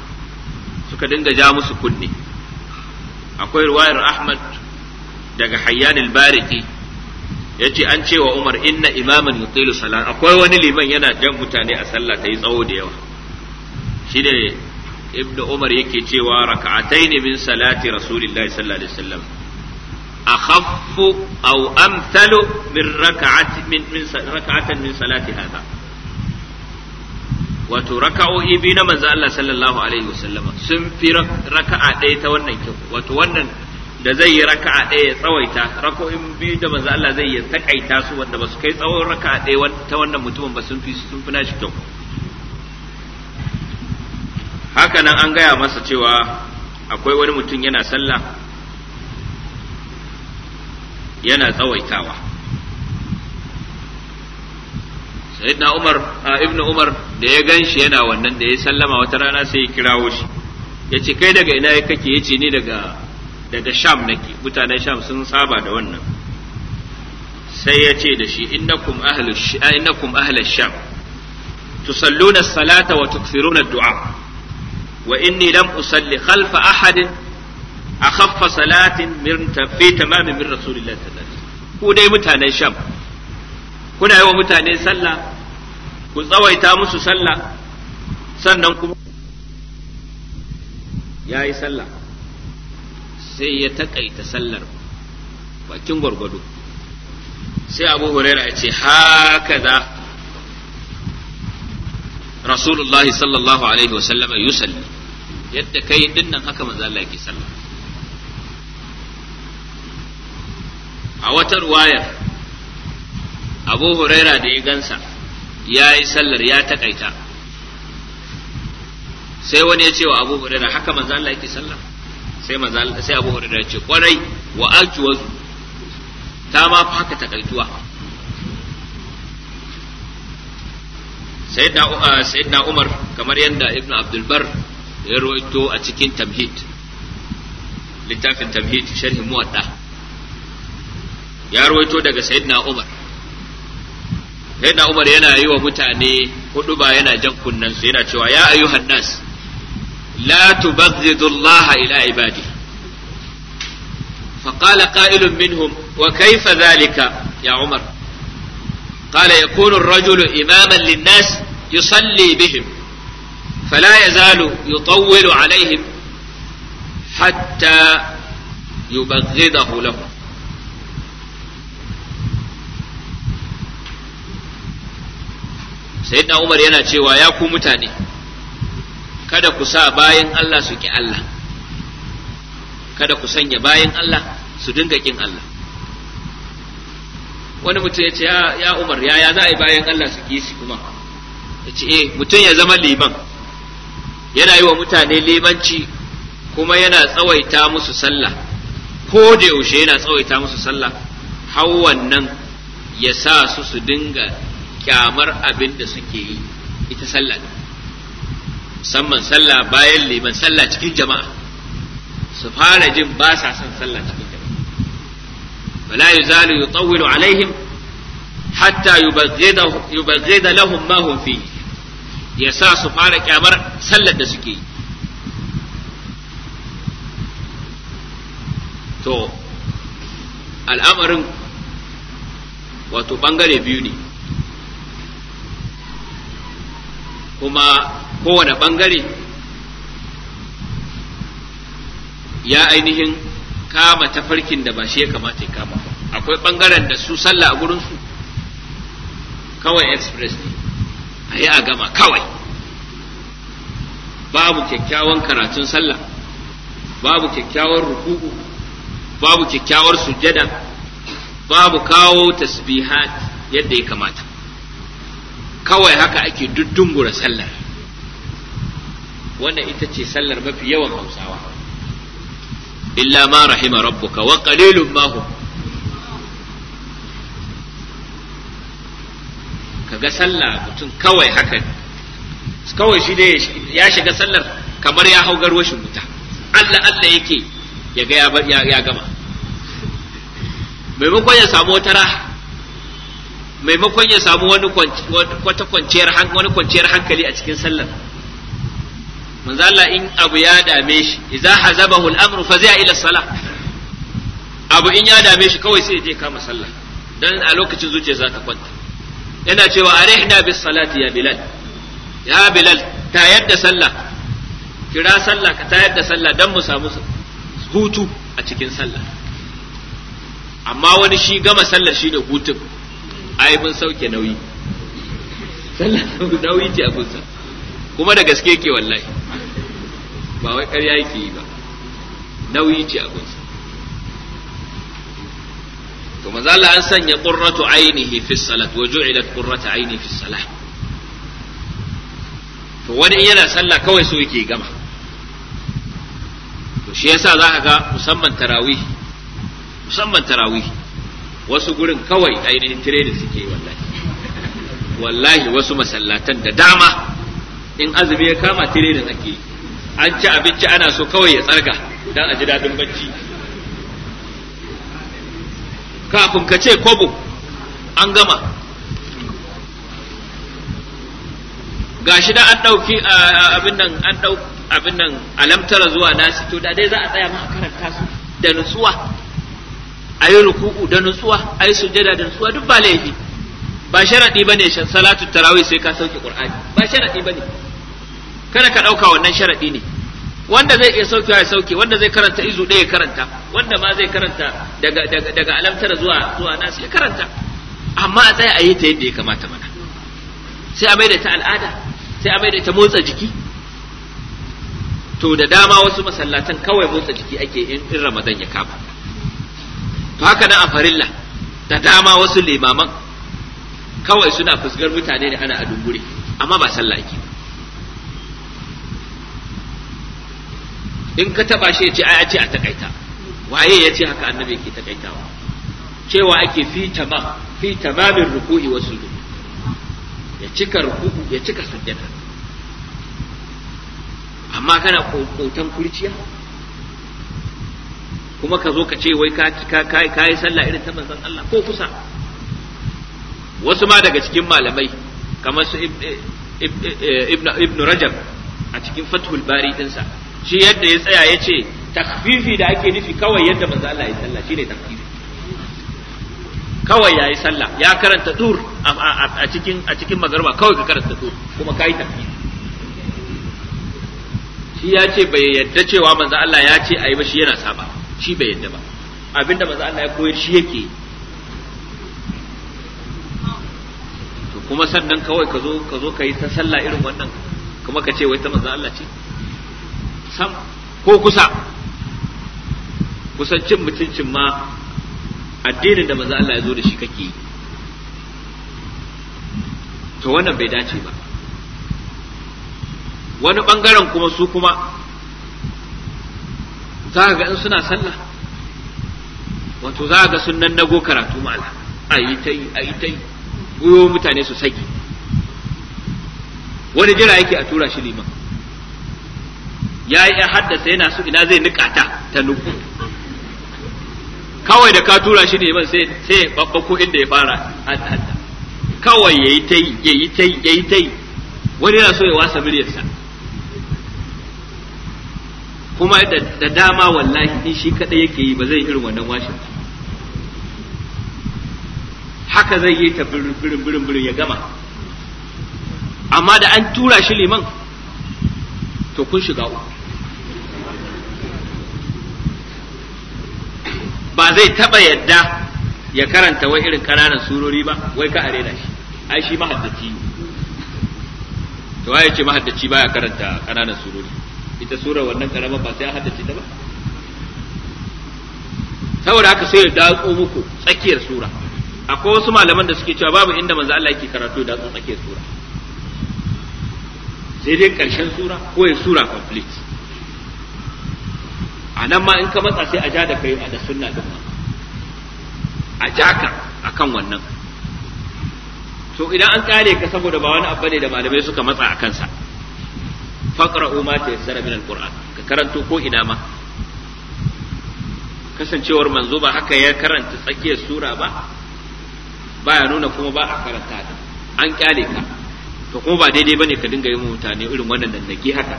suka dinga ja musu kunne akwai ruwayar ahmad daga hayyan al Ya ce an cewa umar inna imaman yutilu salat akwai wani liman yana jan mutane a sallah ta yi tsawo da yawa Shi shine ibn umar yake cewa ne min salati rasulillahi sallallahu alaihi wasallam akhaffu aw amthalu min raka'ati min min raka'atan min salati hadha wato raka'o'i biyu na manzo Allah sallallahu alaihi wasallama sun fi raka'a ɗaya ta wannan kyau wato wannan da zai yi raka'a ɗaya ya tsawaita raka'o'in biyu da manzo Allah zai yi takaita su wanda ba su kai tsawon raka'a ɗaya ta wannan mutumin ba sun fi sun fi nashi kyau haka nan an gaya masa cewa akwai wani mutum yana sallah yana tsawaitawa sayyidina Umar ibn Umar da ya ganshi yana wannan da ya sallama wata rana sai ya kirawo shi ce kai daga ina kake ya ce ni daga daga Sham nake mutanen Sham sun saba da wannan sai ya ce da shi innakum ahlus innakum ahlus sham tusalluna as-salata wa tukthiruna dua wa inni lam usalli khalfa ahadin akhaffa salatin min tafi tamamin min rasulillahi sallallahu alaihi wasallam ku dai mutanen sham kuna yi wa mutane sallah ku tsawaita musu sallah sannan kuma ya yi sallah sai ya taƙaita sallar bakin gwargwado sai abu huraira ya ce haka za rasulullahi sallallahu alaihi wasallama yusalli yadda kai dinnan haka manzo yake sallah a wata ruwayar abu huraira da ya gansa ya yi sallar ya takaita sai wani ya ce wa abu hurairar haka manzo Allah yake sallar sai manzo sai abu hurairar ya ce kwarai wa ajwazu ta ma fa haka takaituwa sayyidina ah, sayyidina Umar kamar yadda Ibn Abdul Bar ya rawaito a cikin Tamhid littafin Tamhid sharhin Muwaddah ya rawaito daga sayyidina Umar sai umar yana yi wa mutane hudu ba yana jan kunnen su yana cewa ya ayyuhan nas la tubghidu Allah ila ibadi fa qala qa'ilun minhum wa kaifa zalika ya umar qala yakunu ar-rajulu imaman lin-nas yusalli bihim فلا يزال يطول عليهم حتى يبغضه لهم sayyidina umar yana cewa ya ku mutane kada ku sa bayan Allah su ki Allah kada ku sanya bayan Allah su dinga kin Allah wani mutum ya ce ya umar ya ya za a yi bayan Allah su ki shi kuma ya ce eh mutum ya zama liman yana yi wa mutane limanci kuma yana tsawaita musu sallah ko da yaushe yana tsawaita musu sallah har wannan ya sa su su dinga kyamar abin da suke yi ita sallah musamman sallah bayan liman sallah cikin jama'a su fara jin ba sa son sallah cikin jama'a wala yuzalu yutawwilu alaihim hatta yubaghida lahum ma hum fi yasa su fara kyamar sallar da suke yi to al'amarin wato bangare biyu ne kuma kowane bangare ya ainihin kama tafarkin da ba shi ya kamata ya kama akwai bangaren da su sallah a gurinsu kawai express ne a yi a gama kawai babu kyakkyawan karatun sallah babu kyakkyawan ruku'u babu kyakkyawar sujada, babu kawo tasbihat yadda ya kamata kawai haka ake duddungura sallar wannan ita ce sallar mafi yawan hausawa illa ma rahima rabbuka wa qalilun ma hum kaga sallah mutum kawai haka kawai shi dai ya shiga sallar kamar ya hau garwashin wuta Allah Allah yake ya ga ya gama maimakon ya samu wata raha maimakon ya samu wani wata kwanciyar wani kwanciyar hankali a cikin sallar manzo Allah in abu ya dame shi idza hazabahu al-amru zai ila salah abu in ya dame shi kawai sai je kama sallah dan a lokacin zuciya za ta kwanta yana cewa arihna bis salati ya bilal ya bilal tayar da sallah kira sallah ka tayar da sallah dan mu samu hutu a cikin sallah amma wani shi gama sallar shi da hutun ai mun sauke nauyi [laughs] nauyi ce a sa kuma da gaske ke wallahi ba wai ƙarya yake yi ba nauyi ce a sa to manzo an sanya qurratu ainihi fi salat wa ju'ilat qurratu ainihi fi salat. to wani in yana sallah kawai so yake gama to shi yasa za ka ga musamman tarawih musamman tarawih wasu gurin kawai ainihin training suke wallahi wallahi wasu masallatan da dama in azumi ya kama training ake an ci abinci ana so kawai ya tsarga don a ji daɗin bacci kafin ka ce kobo an gama gashi da an ɗauki abin nan an ɗauki abin alamtara zuwa nasi to da dai za a tsaya ma karanta su da nutsuwa ayi ruku'u da nutsuwa ayi sujada da nutsuwa duk ba laifi ba sharadi bane salatu tarawih sai ka sauke qur'ani ba sharadi bane kada ka dauka wannan sharadi ne wanda zai iya saukewa ya sauke wanda zai karanta izu ɗaya ya karanta wanda ma zai karanta daga daga daga alamtar zuwa zuwa nasu ya karanta amma a tsaya a yi ta yadda ya kamata mana sai a maida ta al'ada sai a maida ta motsa jiki to da dama wasu masallatan kawai motsa jiki ake in Ramadan ya kama to haka nan a farilla da dama wasu limaman kawai suna fuskar mutane ne ana a dungure amma ba sallah ake in ka taba shi ya ce ai a ce a takaita waye ya ce haka annabi ke takaitawa cewa ake fi tamam fi tamamin ruku'i wa sujud ya cika ruku'u ya cika sujjada amma kana kokotan kurciya kuma ka zo ka ce wai ka ka yi sallah irin ta manzon Allah ko kusa wasu ma daga cikin malamai kamar su ibn rajab a cikin fathul bari dinsa shi yadda ya tsaya ya ce takfifi da ake nufi kawai yadda manzon Allah ya sallah shine takfifi kawai yayi sallah ya karanta dur a cikin a cikin magarba kawai ka karanta dur kuma kai takfifi shi ya ce bai yadda cewa manzo Allah ya ce ayi ba shi yana saba shi bai yadda ba abinda maza Allah ya koyar shi yake to kuma sannan kawai ka zo ka zo ka yi ta sallah irin wannan kuma ka ce wai ta maza Allah ce sam ko kusa kusancin mutuncin ma addinin da maza Allah ya zo da shi kake yi to wannan bai dace ba wani bangaren kuma su kuma za ga in suna sallah wato za ga sunan nago karatu ma'ala a yi ta yi a yi ta yi mutane su saki wani jira yake a tura shi liman ya yi haddasa yana su ina zai nika ta nuku kawai da ka tura shi liman sai sai babbako inda ya fara hadda kawai yayi tai yayi tai yayi tai wani yana so ya wasa miliyarsa kuma da dama wallahi in shi kadai yake yi ba zai irin wannan washin haka zai yi ta birin birin birin ya gama amma da an tura shi liman to kun shiga uku ba zai taba yadda ya karanta wai irin kananan surori ba wai ka arena shi ai shi mahaddaci to ya ce mahaddaci baya karanta kananan surori ita sura wannan karama ba sai ya haddace ta ba saboda haka sai ya datso muku tsakiyar sura akwai wasu malaman da suke cewa babu inda manzo Allah yake karatu da datso tsakiyar sura sai dai karshen sura ko ya sura complete a nan ma in ka matsa sai a ja da kai a da sunna din a ja ka akan wannan to idan an tsare ka saboda ba wani abu ne da malamai suka matsa a kansa faqra'u ma tayassara min alquran ka karanto ko ina ma kasancewar manzo ba haka ya karanta tsakiyar sura ba ba ya nuna kuma ba a karanta ta an kyale ka to kuma ba daidai bane ka dinga yi mutane irin wannan dandaki haka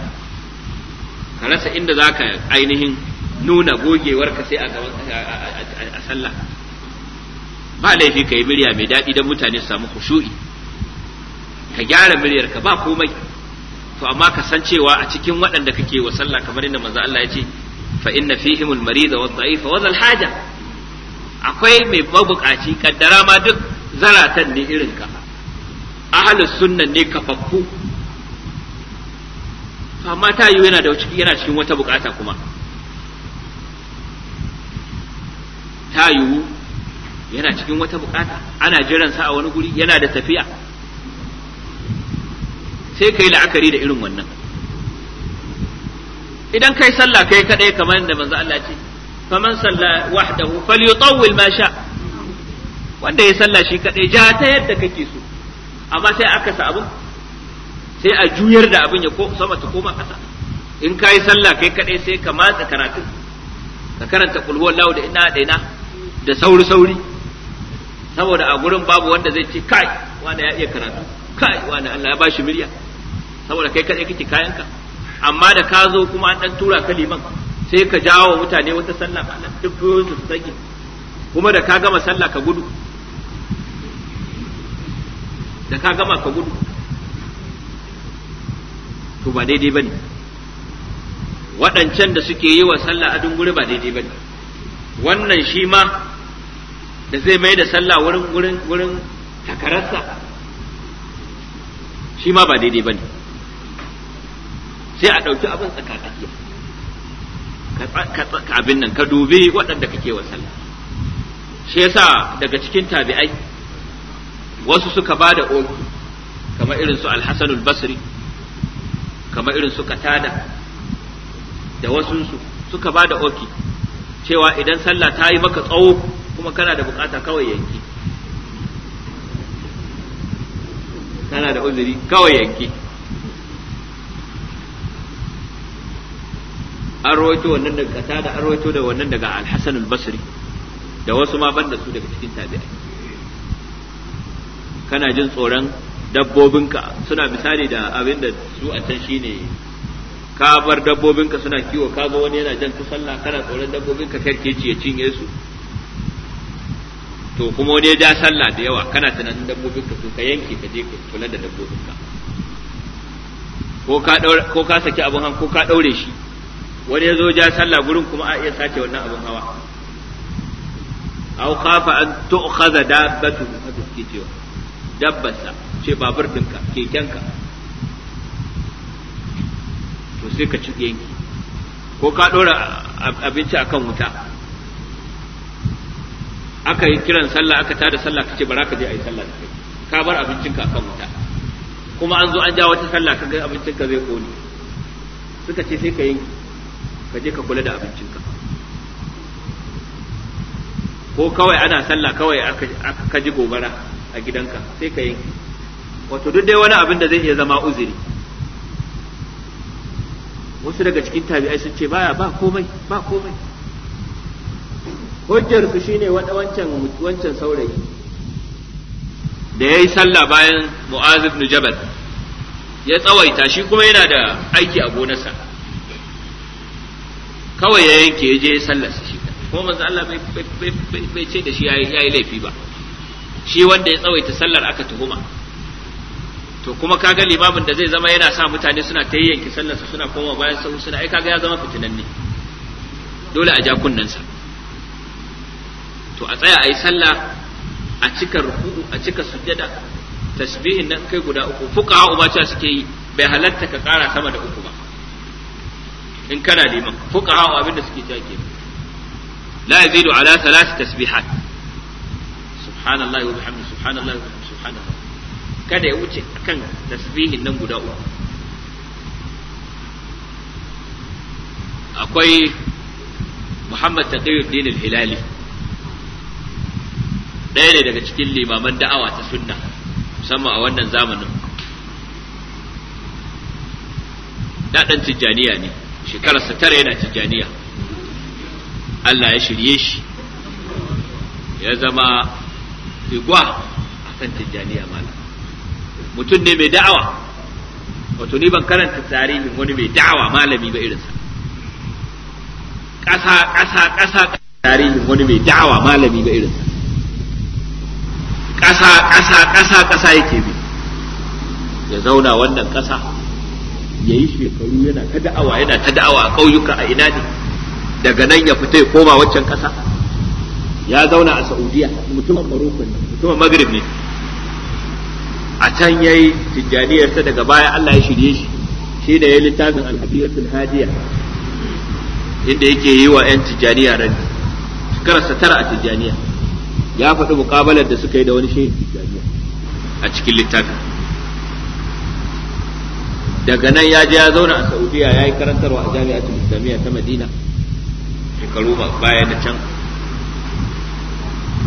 ka rasa inda zaka ainihin nuna gogewar ka sai a gaban a sallah ba laifi ka yi murya mai daɗi don mutane su samu khushu'i ka gyara muryar ka ba komai to amma ka san cewa a cikin waɗanda kake wa sallah kamar inda manzo Allah ya ce fa inna fihim al-marida wa dha'ifa wa zal haja akwai mai mabukaci kaddara ma duk zaratan ne irin ka ahlus sunna ne kafaffu amma ta yi yana da yana cikin wata bukata kuma ta yiwu yana cikin wata bukata ana jiransa a wani guri yana da tafiya sai ka yi la'akari da irin wannan idan kai sallah kai kadai kamar yadda manzo Allah ce faman salla wahdahu falyutawwil ma sha wanda ya sallah shi kadai ja ta yadda kake so amma sai aka sa abin sai a juyar da abin ya ko sama ta koma kasa in kai sallah kai kadai sai ka matsa karatun ka karanta qul huwallahu da inna daina da sauri sauri saboda a gurin babu wanda zai ce kai wanda ya iya karatu kai wanda Allah ya bashi murya saboda kai kadai kake kayanka amma da ka zo kuma an dan tura ka liman sai ka jawo mutane wata sallah ba duk su sake kuma da ka gama sallah ka gudu da ka gama ka gudu to ba daidai bane waɗancan da suke yi wa sallah a dungure ba daidai bane wannan shi ma da zai mai da sallah wurin wurin wurin takararsa shi ma ba daidai bane sai a ɗauki abin tsakakakiya ka abin nan ka dubi waɗanda kake wa sallah shi yasa daga cikin tabi'ai wasu suka ba da oki kamar irin su alhassanul basri kamar irin su katada da wasu suka ba da oki cewa idan sallah ta yi maka tsawo kuma kana da bukata kawai yanki kana da uzuri kawai yanki an rawaito wannan daga da an rawaito da wannan daga al-hasan al-basri da wasu ma banda su daga cikin tabi'ai kana jin tsoron dabbobinka suna misali da abin da su a can shine ka bar dabbobinka suna kiwo ka ga wani yana jan ta sallah kana tsoron dabbobinka kai ci ya cinye su to kuma wani ya ja sallah da yawa kana tunanin dabbobinka to ka yanke ka je ka kula da dabbobinka ko ka ko ka saki abin han ko ka daure shi wani ya zo ja sallah gurin kuma a iya sace wannan abin hawa aw khafa an tu'khadha dabbatu haka suke cewa dabbarsa ce babur dinka kekenka to sai ka ci yanki ko ka dora abinci akan wuta aka yi kiran sallah aka tada sallah kace bara ka je ayi sallah da kai ka bar abincinka akan wuta kuma an zo an ja wata sallah kaga abincinka zai kone suka ce sai ka yanki ka je ka kula da abincinka ko kawai ana sallah kawai aka kaji gobara a gidanka sai ka yanki wato duk dai wani abin da zai iya zama uzuri wasu daga cikin tabi'ai sun ce baya ba komai ba komai hujjar su shine wancan wancan saurayi da yayi sallah bayan Mu'azib ibn Jabal ya tsawaita shi kuma yana da aiki a gonarsa kawai ya yanke ya je ya sallarsa shi ko manzo Allah bai ce da shi yayi laifi ba shi wanda ya tsawaita sallar aka tuhuma to kuma kaga limamin da zai zama yana sa mutane suna ta yanke su suna koma bayan sahu suna ai kaga ya zama fitinanne dole a ja sa. to a tsaya a yi sallah a cika ruku'u a cika sujjada tasbihin nan kai guda uku fuqaha uba suke yi bai halatta ka kara sama da uku in kana liman fuqaha abinda suke cewa ke la yazidu ala thalath tasbihat subhanallahi wa bihamdihi subhanallahi wa bihamdihi subhanallah kada ya wuce akan tasbihin nan guda uku akwai Muhammad Taqiyuddin al-Hilali ɗaya ne daga cikin limaman da'awa ta sunna musamman a wannan zamanin daɗin tijjaniya ne shekararsa tara yana tijjaniya Allah ya shirye shi ya zama igwa a kan tijjaniya malam mutum ne mai da'awa wato ni ban karanta tarihin wani mai da'awa malami ba irinsa ƙasa ƙasa ƙasa tarihin wani mai da'awa malami ba irinsa ƙasa ƙasa ƙasa ƙasa yake bi ya zauna wannan ƙasa yayi shekaru yana ta da'awa yana ta da'awa a ƙauyuka a ina ne daga nan ya fita ya koma waccan ƙasa ya zauna a Saudiya mutumin maroko ne mutumin magrib ne a can yayi tijjaniyarsa daga baya Allah ya shirye shi shi da ya yi littafin al Hadiya inda yake yi wa 'yan tijjaniya ran shekararsa tara a tijjaniya ya faɗi muƙabalar da suka yi da wani shehin tijjaniya a cikin littafin daga nan ya je ya zauna a saudiya ya yi karantarwa a jami'atul islamiyya ta madina shekaru baya da can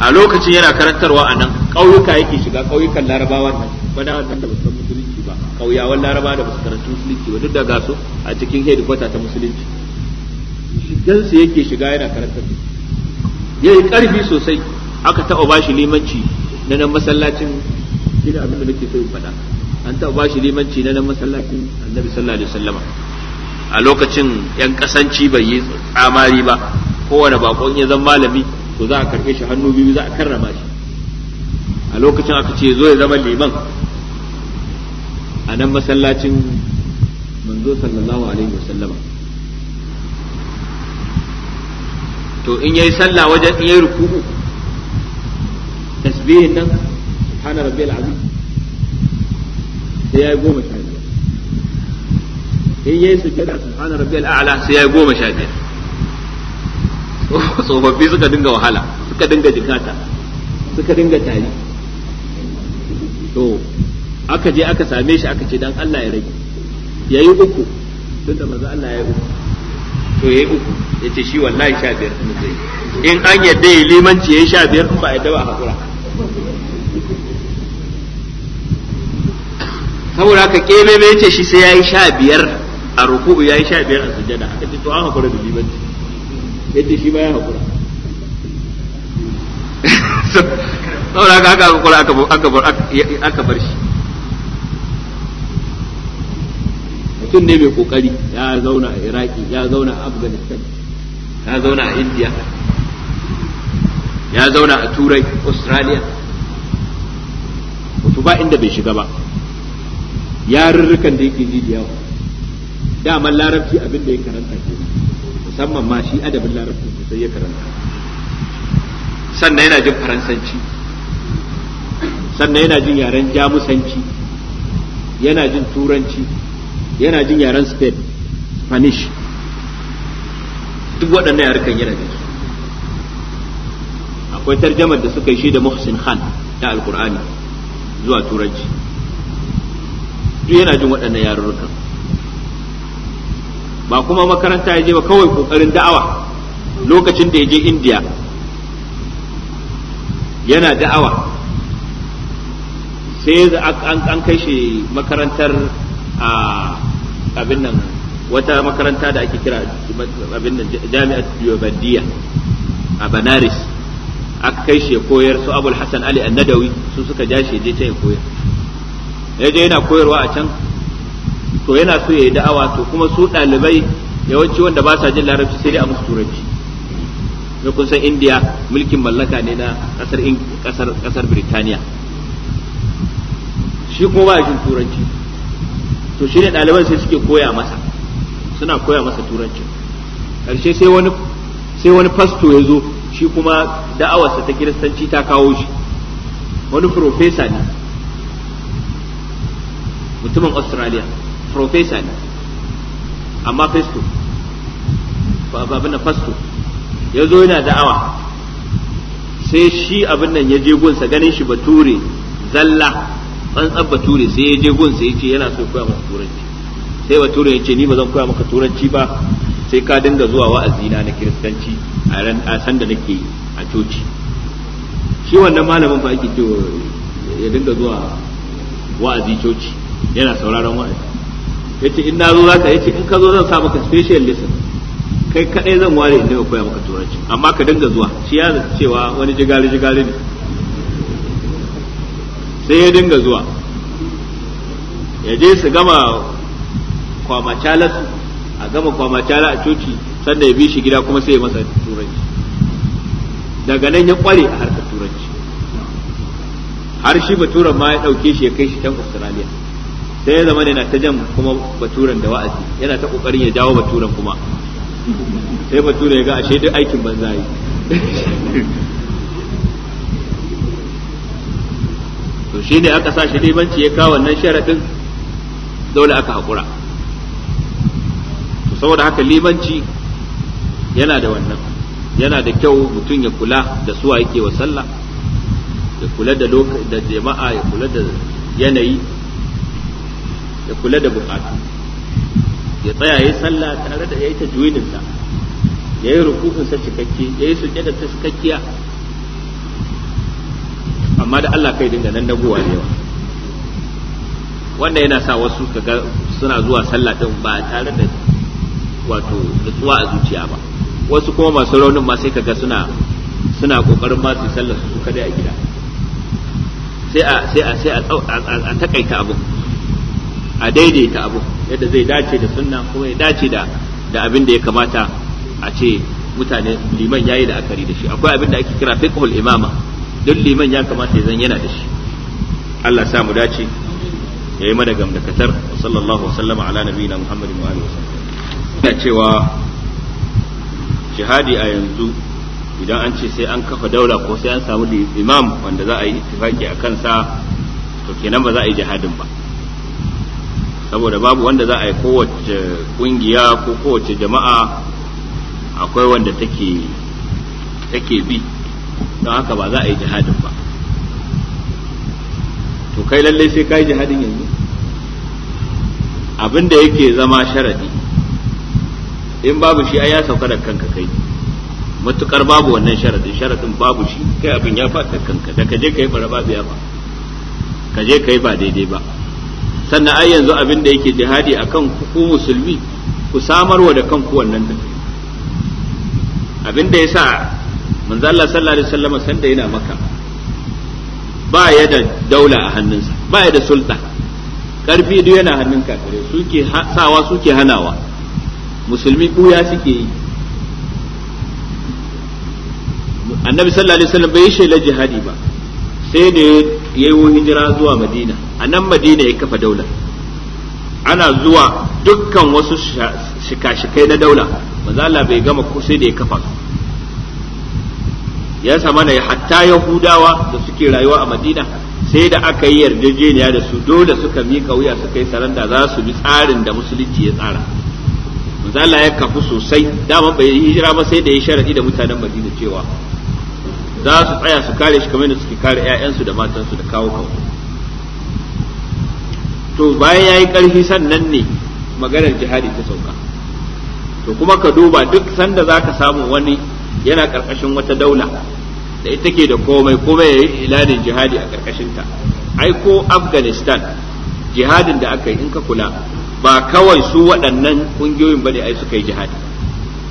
a lokacin yana karantarwa a nan ƙauyuka yake shiga ƙauyukan larabawa nan wani hannun da musulmi musulunci ba ƙauyawan laraba da basu karanta musulunci ba duk da gaso a cikin hedikwata ta musulunci shigansu yake shiga yana karantar ya yi ƙarfi sosai aka taɓa bashi limanci na nan masallacin shi abin da nake so in faɗa an taɓa bashi limanci na nan masallacin annabi sallallahu alaihi wasallama a lokacin yan kasanci bai yi tsamari ba kowane bakon ya zan malami to za a karɓe shi hannu biyu za a karrama shi a lokacin aka ce zo ya zama liman a nan masallacin manzo sallallahu alaihi wasallama to in yayi sallah wajen in yayi ruku'u tasbihin nan subhana rabbil azim sai yayi goma sha biyar in yayi sujjada subhana rabbiyal a'la sai yayi goma sha biyar [laughs] tsofaffi suka dinga wahala suka dinga jikata suka dinga tari to aka je aka same shi aka ce dan Allah ya rage ya yi uku da manzo Allah ya yi uku to ya yi uku yace shi wallahi sha biyar in an yadda ya limanci yayi sha biyar in ba yadda ba hakura saboda haka keme mai ce shi sai yayi sha biyar a ruku'u yayi sha biyar a sujjada aka ce to an hakura da limanci yadda shi ba ya hakura [laughs] saboda haka aka hakura aka bar aka bar shi mutum ne mai kokari ya zauna a iraki ya zauna a afghanistan ya zauna a india ya zauna a turai australia wato ba inda bai shiga ba yarurrukan da yake ji da yawa daman larabci abin da ya karanta ke musamman ma shi adabin larabci sai ya karanta sannan yana jin faransanci sannan yana jin yaren jamusanci yana jin turanci yana jin yaren spain spanish duk waɗannan yarukan yana jin akwai tarjamar da suka yi shi da muhsin khan da alkur'ani zuwa turanci duk yana jin waɗannan yarurrukan ba kuma makaranta ya je ba kawai kokarin da'awa lokacin da ya je indiya yana da'awa sai an kai shi makarantar a abin nan wata makaranta da ake kira abin nan jami'at yobadiya a banaris aka kai shi ya koyar su abul hassan ali annadawi su suka ja shi je ta ya koyar ya je yana koyarwa a can to yana so ya yi da'awa to kuma su ɗalibai yawanci wanda ba sa jin larabci sai dai a musu turanci da kun san indiya mulkin mallaka ne na kasar kasar kasar birtaniya shi kuma ba jin turanci to shi ne ɗaliban sai suke koya masa suna koya masa turanci ƙarshe sai wani sai wani fasto ya zo shi kuma da'awarsa ta kiristanci ta kawo shi wani profesa ne mutumin australia professor ne amma festo abin da fasto ya zo yana da'awa sai shi abin nan ya je gunsa ganin shi bature zalla tsantsan bature sai ya je gunsa ya ce yana so koya maka turanci sai bature ya ce ni ba zan koya maka turanci ba sai ka dinga zuwa wa'azina na kiristanci a san da nake a coci shi wannan malamin fa yake ce ya dinga zuwa wa'azi coci yana sauraron wa'azi ce in na zo zaka ce in ka zo zan sa maka special lesson kai kadai zan ware in koya maka turanci amma ka dinga zuwa shi ya zata cewa wani jigali jigali ne sai ya dinga zuwa ya je su gama kwamacalar a gama kwamacala a coci sannan ya bi shi gida kuma sai ya masa turanci daga nan ya kware a harkar turanci har shi baturan ma ya ɗauke shi ya kai shi can australia sai ya zama na ta jan kuma baturen da wa'azi yana ta kokarin ya dawo baturen kuma sai bature ya ga ashe duk aikin banza yi [laughs] to shi ne aka sa shi limanci ya kawo wannan sharaɗin dole aka haƙura saboda haka limanci yana da wannan yana da kyau mutum ya kula da suwa yake wa sallah ya kula da jama'a ya kula da yanayi ya kula da bukatu ya tsaya yayi sallah tare da yayi tajwidin sa yayi rukukun sa cikakke yayi da ta cikakkiya amma da Allah kai dinga nan guwa ne wanda yana sa wasu kaga suna zuwa sallah din ba tare da wato nutsuwa a zuciya ba wasu kuma masu raunin ma sai kaga suna suna kokarin ma su sallar su kada a gida sai a sai a sai a takaita abin a daidaita abu yadda zai dace da sunna kuma ya dace da da abin da ya kamata a ce mutane liman yayi da akari da shi akwai abin da ake kira fiqhul imama duk liman ya kamata ya zan yana da shi Allah sa mu dace yayi da gamdakatar sallallahu alaihi wasallama ala nabiyina muhammad wa alihi wasallam ina cewa jihadi a yanzu idan an ce sai an kafa daula ko sai an samu imam wanda za a yi ittifaki akan sa to kenan ba za a yi jihadin ba saboda babu wanda za a yi kowace kungiya ko kowace jama'a akwai wanda take take bi don haka ba za a yi jihadin ba to kai lallai sai ka yi jihadin yanzu abin da yake zama sharadi in babu shi ai ya sauka da kanka kai matukar babu wannan sharadin sharadin babu shi kai abin ya faɗa kanka da ka je kai bara babu ba ka je kai ba daidai ba sannan ai yanzu abin da yake jihadi akan ku musulmi ku samarwa da kanku wannan din abin da yasa manzo Allah sallallahu alaihi wasallam sanda yana maka ba ya da daula a hannunsa ba ya da sulta karfi duk yana hannun kafire suke sawa suke hanawa musulmi buya suke yi annabi sallallahu alaihi wasallam bai yi la jihadi ba sai ne yayo hijira zuwa madina a nan madina ya kafa daula ana zuwa dukkan wasu shika-shikai na daula la bai gama ko sai da ya kafa ya sama na hatta yahudawa da suke rayuwa a madina sai da aka yi yarjejeniya da su dole suka miƙa wuya suka yi saranda za su bi tsarin da musulunci ya tsara mazala ya kafu sosai dama bai hijira ba sai da ya sharadi da mutanen madina cewa za su tsaya su kare shi kamar da suke kare 'ya'yansu da matansu da kawo kawo to bayan ya yi ƙarfi sannan ne maganar jihadi ta sauka to kuma ka duba duk sanda za ka samu wani yana ƙarƙashin wata daula da ita ke da komai komai ya yi ilanin jihadi a ƙarƙashinta ai ko afghanistan jihadin da aka yi in ka kula ba kawai su waɗannan ƙungiyoyin ba ne ai suka yi jihadi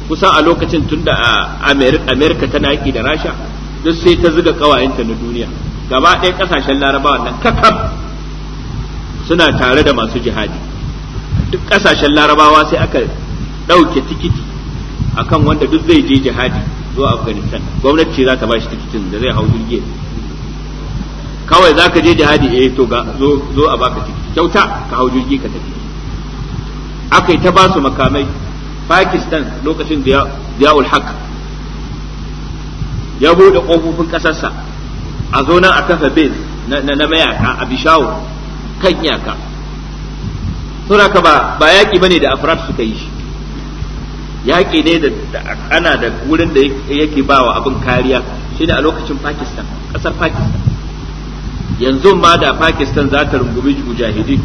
kusan a lokacin tunda a amerika tana yaƙi da rasha duk sai ta zuga kawayenta na duniya gaba ɗaya ƙasashen larabawa nan kakab suna tare da masu jihadi duk ƙasashen larabawa sai aka ɗauke tikiti akan wanda duk zai je jihadi zuwa afghanistan gwamnati ce za ta ba shi tikitin da zai hau jirgin kawai za ka je jihadi eh to ga zo zo a baka tikiti kyauta ka hau jirgi ka tafi aka yi ta ba su makamai pakistan lokacin ziyaul haq ya bude kofofin kasarsa a zo nan a kafa base na mayaka a bishawo kan yaka saboda ka ba ba yaki bane da afrat suka yi shi yaki ne da ana da wurin da yake bawa abin kariya shi ne a lokacin Pakistan kasar Pakistan yanzu ma da Pakistan za ta rungumi mujahidin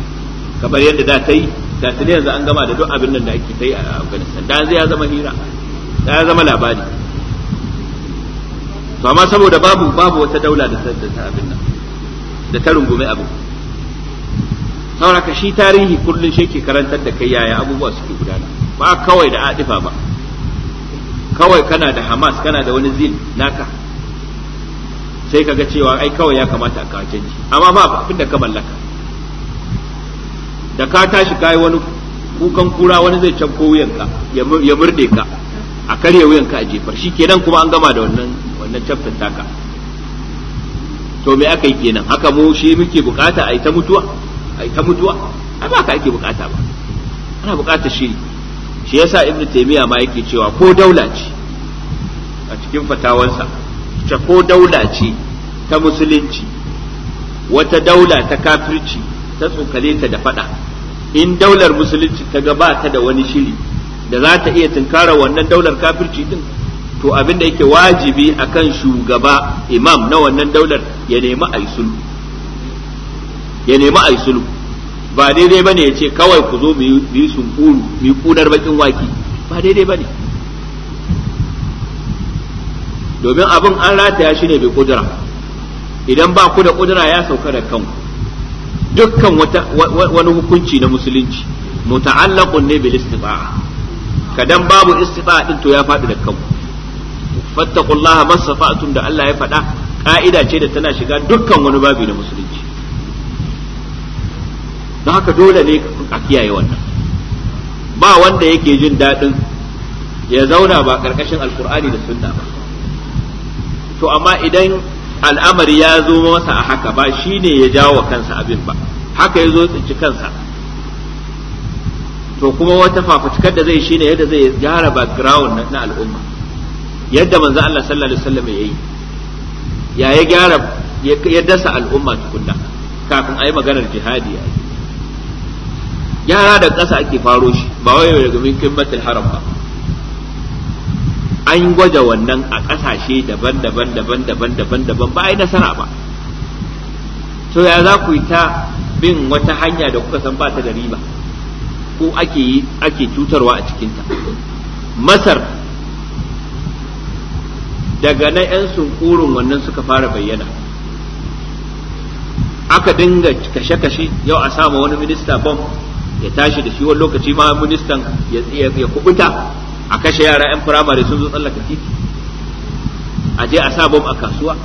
kamar yadda da ta yi da ne yanzu an gama da duk abin nan da ake ta yi a Afghanistan da zai ya zama hira da ya zama labari to amma saboda babu babu wata daula da ta ta abin nan da ta rungume abin sauraka shi tarihi kullun shi ke karantar da kai yaya abubuwa suke gudana ba kawai da adifa ba kawai kana da hamas kana da wani zil naka sai kaga cewa ai kawai ya kamata a kawo canji amma ba abin da ka mallaka da ka tashi kayi wani kukan kura wani zai canko wuyanka ya murde ka a karya wuyanka a jefar shi kenan kuma an gama da wannan wannan chapter ka, to me aka yi kenan haka mu shi muke bukata a yi ta mutuwa a yi ta mutuwa a ba ka ake bukata ba ana bukata shiri shi yasa ibnu taymiya ma yake cewa ko daula ce a cikin fatawansa ta ko daula ce ta musulunci wata daula ta kafirci ta tsokale ta da fada in daular musulunci ta gabata da wani shiri da za ta iya tunkara wannan daular kafirci din to abin da yake wajibi akan shugaba imam na wannan daular ya nemi ai sulhu ya nemi ai sulhu ba daidai bane ya ce kawai ku zo mu yi sunkuru mu yi kunar bakin waki ba daidai bane domin abin an rataya shi ne bai kudura idan ba ku da kudura ya sauka da kanku dukkan wani hukunci na musulunci muta'allaqun ne bil istifa'a kadan babu istifa'a din to ya faɗi da kanku fattakullaha mastata'tum da Allah ya faɗa ka'ida ce da tana shiga dukkan wani babu na musulunci don haka dole ne a kiyaye wannan ba wanda yake jin daɗin ya zauna ba ƙarƙashin alkur'ani da sunna ba to amma idan al'amari ya zo masa a haka ba shi ne ya jawo kansa abin ba haka ya zo tsinci kansa to kuma wata fafutukar da zai shine yadda zai gyara background na al'umma yadda manzo Allah sallallahu alaihi wasallam yayi ya ya gyara ya dasa al'umma tukunna kafin ayi maganar jihadi ya yara da ƙasa ake faro shi ba wai daga min kimmatul haram ba an gwada wannan a ƙasashe daban-daban daban-daban daban-daban ba ai nasara ba to ya za ku yi ta bin wata hanya da kuka san ba ta da riba ko ake yi ake cutarwa a cikinta masar daga na 'yan sunkurun wannan suka fara bayyana aka dinga kashe-kashe yau a sama wani minista bom ya tashi da shi wani lokaci ma ministan ya kubuta a kashe yara 'yan firamare sun zo tsallaka titi a je a sa bom a kasuwa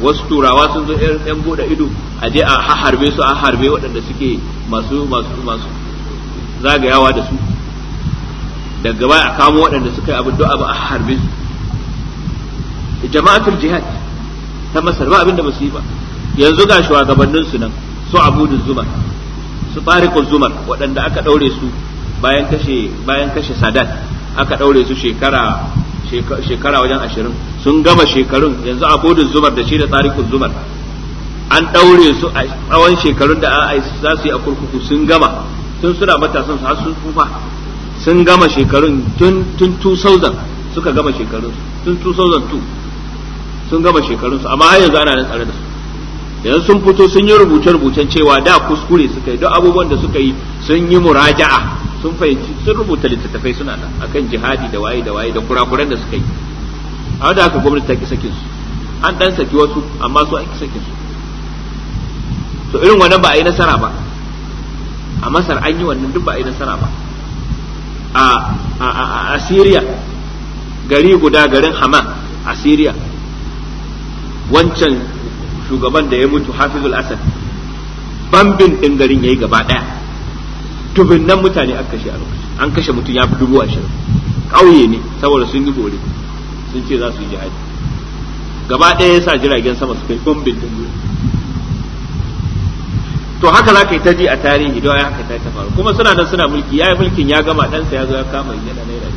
wasu turawa sun zo 'yan buɗe ido a je a harbe su a harbe waɗanda suke masu masu masu zagayawa da su daga baya a kamo waɗanda suka yi abin do'a ba a harbe su jama'atul jihad ta masar ba abinda ba su yi ba yanzu ga shugabannin su nan su abudu zumar su tariqul zumar waɗanda aka daure su bayan kashe bayan kashe sadat aka daure su shekara shekara wajen ashirin sun gama shekarun yanzu abudu zumar da shi da tariqul zumar an daure su a tsawon shekarun da za su yi a kurkuku sun gama tun suna matasan su har sun tsufa sun gama shekarun tun 2000 suka gama shekarun tun 2002 sun gama shekarunsu amma har yanzu ana nan tsare da su yanzu sun fito sun yi rubuce-rubucen cewa da kuskure suka yi duk abubuwan da suka yi sun yi muraja'a sun fahimci sun rubuta littattafai suna nan akan jihadi da waye da waye da kurakuran da suka yi a da aka gwamnati ta ki sakin su an dan saki wasu amma su a ki sakin su to irin wannan ba a yi nasara ba a masar an yi wannan duk ba a yi nasara ba a a a, a, a, a Syria gari guda garin Haman a Syria wancan shugaban da ya mutu hafizul asad bambin din garin yayi gaba daya nan mutane aka kashe a lokaci an kashe mutum ya fi dubu ashirin ƙauye ne saboda sun yi bore sun ce za su yi jihadi gaba ɗaya yasa jiragen sama su kai bambin din to haka za ka yi ta ji a tarihi don ya haka ta ta faru kuma suna nan suna mulki ya yi mulkin ya gama ɗansa ya zo ya kama yana naira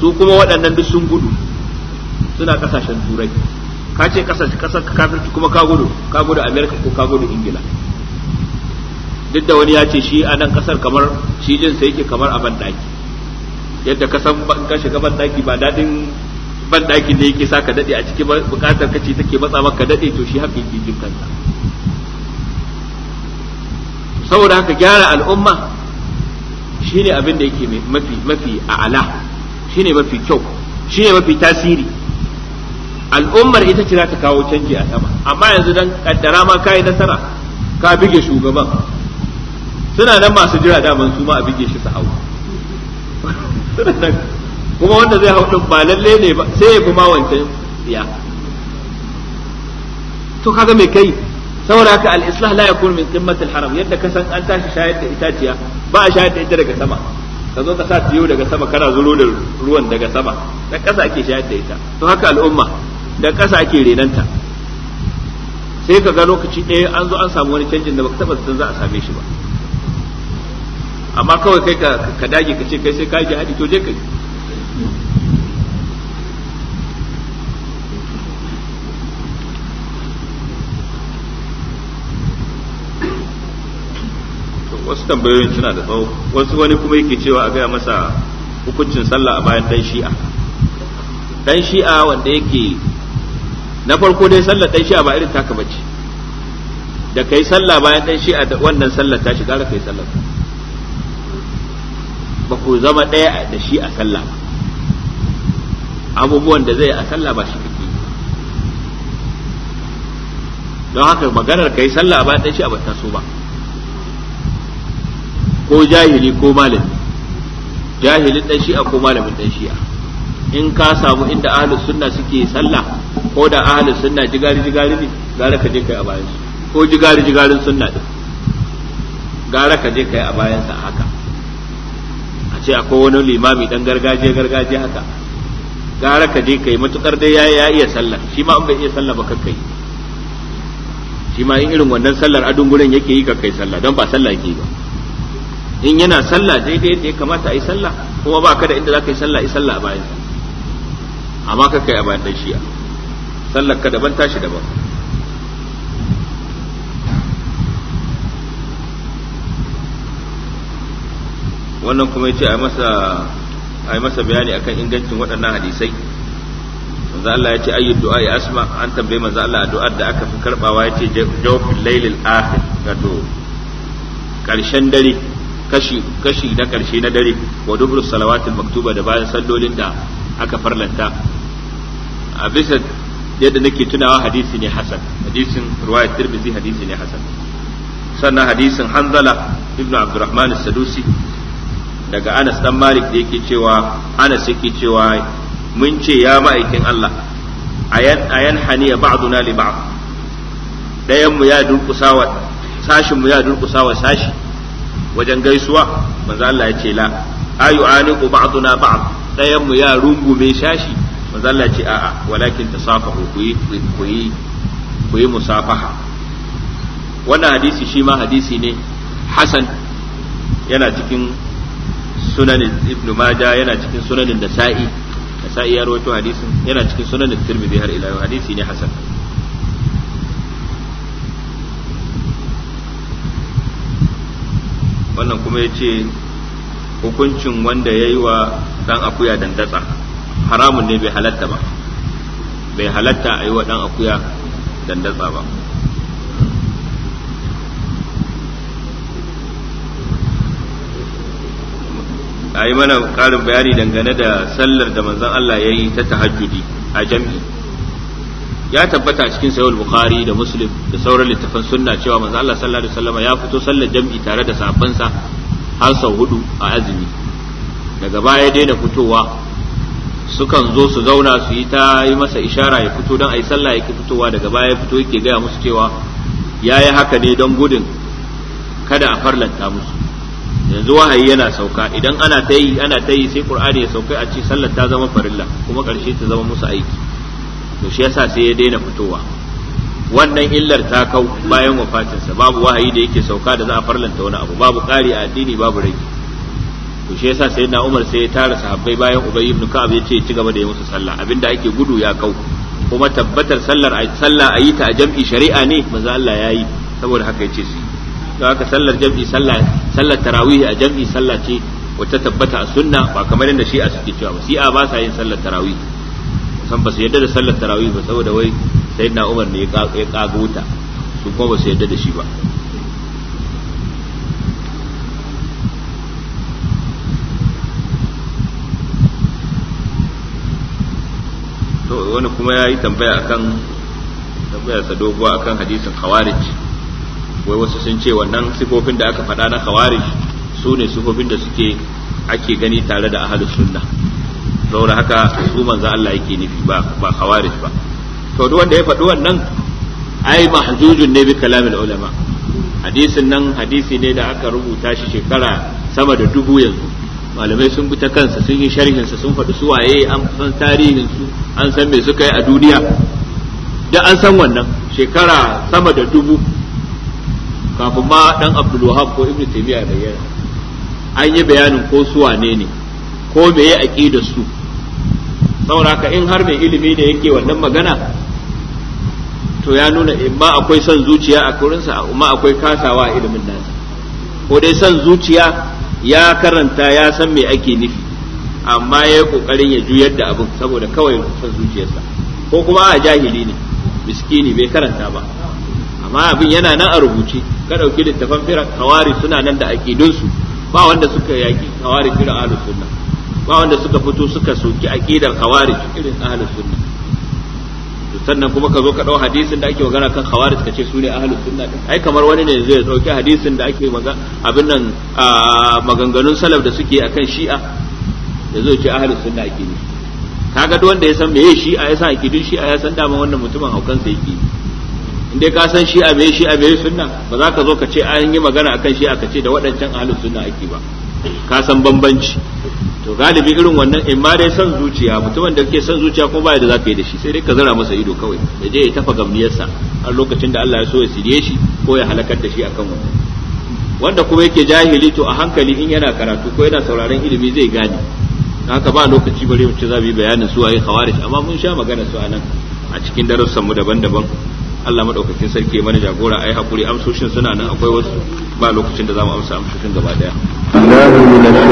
su kuma waɗannan duk sun gudu suna kasashen turai ka ce kasar kafirci kuma ka gudu ka gudu amerika ko ka gudu ingila duk da wani ya ce shi a nan kasar kamar shi jin sa yake kamar a bandaki yadda ka san ka shiga bandaki ba dadin bandaki ne yake sa ka dade a cikin bukatar kace take matsa maka dade to shi haka yake jin kansa saboda haka gyara al'umma shine abin da yake mafi mafi a'ala shine mafi kyau shine mafi tasiri al'ummar ita ce za ta kawo canji a sama amma yanzu dan kaddara ma kai nasara ka bige shugaban suna nan masu jira daman su ma a bige shi su hau kuma wanda zai hau din ba lalle ne ba sai ya fi ma wancan ya to kaga mai kai saboda haka al-islah la yakun min qimmatil haram yadda ka san an tashi shayar da itaciya ba a shayar da ita daga sama ka zo ka sa tiyo daga sama kana zuro da ruwan daga sama da ƙasa ake shayar da ita to haka al'umma da ƙasa ake renanta sai ka ga lokaci ɗaya an zo an samu wani canjin da baka taɓa san za a same shi ba amma kawai kai ka dage ka ce kai sai ka yi jihadi to je ka wasu tambayoyin suna da tsawo wasu wani kuma yake cewa a gaya masa hukuncin sallah a bayan dan shi'a dan shi'a wanda yake na farko dai sallar dan shi'a ba irin taka bace da kai sallah bayan dan shi'a da wannan sallar ta shiga ka yi sallar ba ku zama ɗaya da shi a sallah abubuwan da zai a sallah ba shi kike don haka maganar kai sallah bayan dan shi'a ba ta so ba ko jahili ko malami jahilin dan shi'a ko malamin dan shi'a in ka samu inda ahlus sunna suke sallah ko da ahlus sunna jigari jigari ne gara ka je kai a bayan su ko jigari jigarin sunna din gara ka je kai a bayan sa haka a ce akwai wani limami dan gargajiya gargajiya haka gara ka je kai matukar dai yayi ya iya sallah shi ma in bai iya sallah ba kai shi ma in irin wannan sallar adun gurin yake yi ka kai sallah don ba sallah yake ba in yana sallah daidai yadda ya kamata a yi sallah kuma ba ka da inda za ka yi sallah yi sallah a bayan amma ka kai a bayan dan shi'a sallar ka daban tashi daban wannan kuma yace a masa masa bayani akan ingancin waɗannan hadisai manzo Allah yace ayyu du'a ya asma an tambaye manzo Allah addu'ar da aka fi karbawa yace jawfil lailil akhir wato karshen dare kashi kashi na karshe na dare wa dubru salawatil maktuba da bayan sallolin da aka farlanta a bisa yadda nake tunawa hadisi ne hasan hadisin riwayat tirmidhi hadisi ne hasan sannan hadisin hanzala ibnu abdurrahman as-sadusi daga anas dan malik da yake cewa anas yake cewa mun ce ya ma'aikin Allah ayan ayan haniya ba'duna li ba'd dayan mu ya durkusa wa sashin mu ya durkusa wa sashi wajen gaisuwa manzo Allah ya ce la ayu aniqu ba'duna ba'd dayan mu ya rungume sashi mazalla ce a'a walakin tasafahu safa yi ku yi musafaha wannan hadisi shi ma hadisi ne hasan yana cikin sunanin ibn majah yana cikin sunanin nasa'i nasa'i ya rawaito hadisin yana cikin sunanin tirmidhi har ila hadisi ne hasan wannan kuma ya ce hukuncin wanda ya yi wa dan akuya dandatsa haramun ne bai halatta ba bai halatta a yi wa ɗan akuya dandatsa ba a yi mana ƙarin bayani dangane da sallar da manzon Allah ya yi ta tahajjudi a jam'i ya tabbata a cikin sayar bukhari da muslim da sauran littafan sunna cewa manzon Allah sallallahu alaihi wasallam ya fito sallar jam'i tare da sahabbansa har sau hudu a azumi daga baya ya daina fitowa sukan zo su zauna su yi ta yi masa ishara ya fito don a yi sallah yake fitowa daga baya ya fito yake gaya musu cewa ya yi haka ne don gudun kada a farlanta musu yanzu wahayi yana sauka idan ana ta yi ana ta yi sai qur'ani ya sauka a ce sallar ta zama farilla kuma ƙarshe ta zama musu aiki to shi yasa sai ya daina fitowa wannan illar ta kau bayan wafatinsa babu wahayi da yake sauka da za a farlanta wani abu babu ƙari a addini babu rage to shi yasa sayyidina Umar sai ya tara sahabbai bayan Ubay ibn Ka'ab ya ce ci gaba da yi musu sallah abinda ake gudu ya kau kuma tabbatar sallar sallah ayi ta a jam'i shari'a ne maza Allah yayi saboda haka yace su don haka sallar jam'i sallah sallar tarawih a jam'i sallah ce wata tabbata a sunna ba kamar yadda a suke cewa ba shi'a ba sa yin sallar tarawih san ba su yadda da sallar tarawih ba saboda wai sayyidina Umar ne ya kago wuta su kuma ba su yadda da shi ba wani kuma ya yi tambaya akan tambaya sa dogo akan hadisin khawarij wai wasu sun ce wannan sifofin da aka faɗa na khawarij su ne sifofin da suke ake gani tare da ahlus sunna saboda haka su manzo Allah yake nufi ba ba khawarij ba to duk wanda ya faɗi wannan ai mahjujun ne bi kalamin ulama hadisin nan hadisi ne da aka rubuta shi shekara sama da dubu yanzu malamai sun bi ta kansa sun yi sharhinsa sun faɗi su waye an san tarihin su an san me suka yi a duniya da an san wannan shekara sama da dubu kafin ma dan Abdul Wahab ko Ibn Taymiyyah ya bayyana an yi bayanin ko su wane ne ko me ya aqida su saboda in har mai ilimi da yake wannan magana to ya nuna in ma akwai son zuciya a kurinsa amma akwai kasawa ilimin nasa ko dai son zuciya ya karanta ya san me ake nufi amma ya yi kokarin ya juyar da abin saboda kawai son zuciyarsa ko kuma a jahili ne miskini bai karanta ba amma abin yana nan a rubuce ka ɗauki littafan firar kawari suna nan da aƙidunsu ba wanda suka yaƙi kawari firar ahlus sunna ba wanda suka fito suka soki aƙidar kawari irin ahlus sunna sannan kuma ka zo ka dau hadisin da ake magana kan khawarij kace ce su ne ahlus sunna din ai kamar wani ne zai dauki hadisin da ake magana abin nan maganganun salaf da suke akan shi'a ya zo ce ahlus sunna ake ne kaga duk wanda ya san meye shi'a ya san akidun shi'a ya san daman wannan mutumin haukan sa yake indai ka san shi'a meye shi'a meye sunna ba za ka zo ka ce an yi magana akan shi'a ka ce da waɗancan ahlus sunna ake ba ka san bambanci to galibi irin wannan in ma dai son zuciya mutumin da kuke son zuciya kuma baya da zaka yi da shi sai dai ka zara masa ido kawai da je ya tafa gamniyarsa har lokacin da Allah ya so ya sirye shi ko ya halakar da shi akan wannan wanda kuma yake jahili to a hankali in yana karatu ko yana sauraron ilimi zai gane haka ba lokaci bare mu ci zabi bayanin su waye khawarij amma mun sha magana su anan a cikin darussan mu daban-daban Allah madaukakin sarki mana jagora ai hakuri amsoshin suna nan akwai wasu ba lokacin da zamu amsa amsoshin gaba daya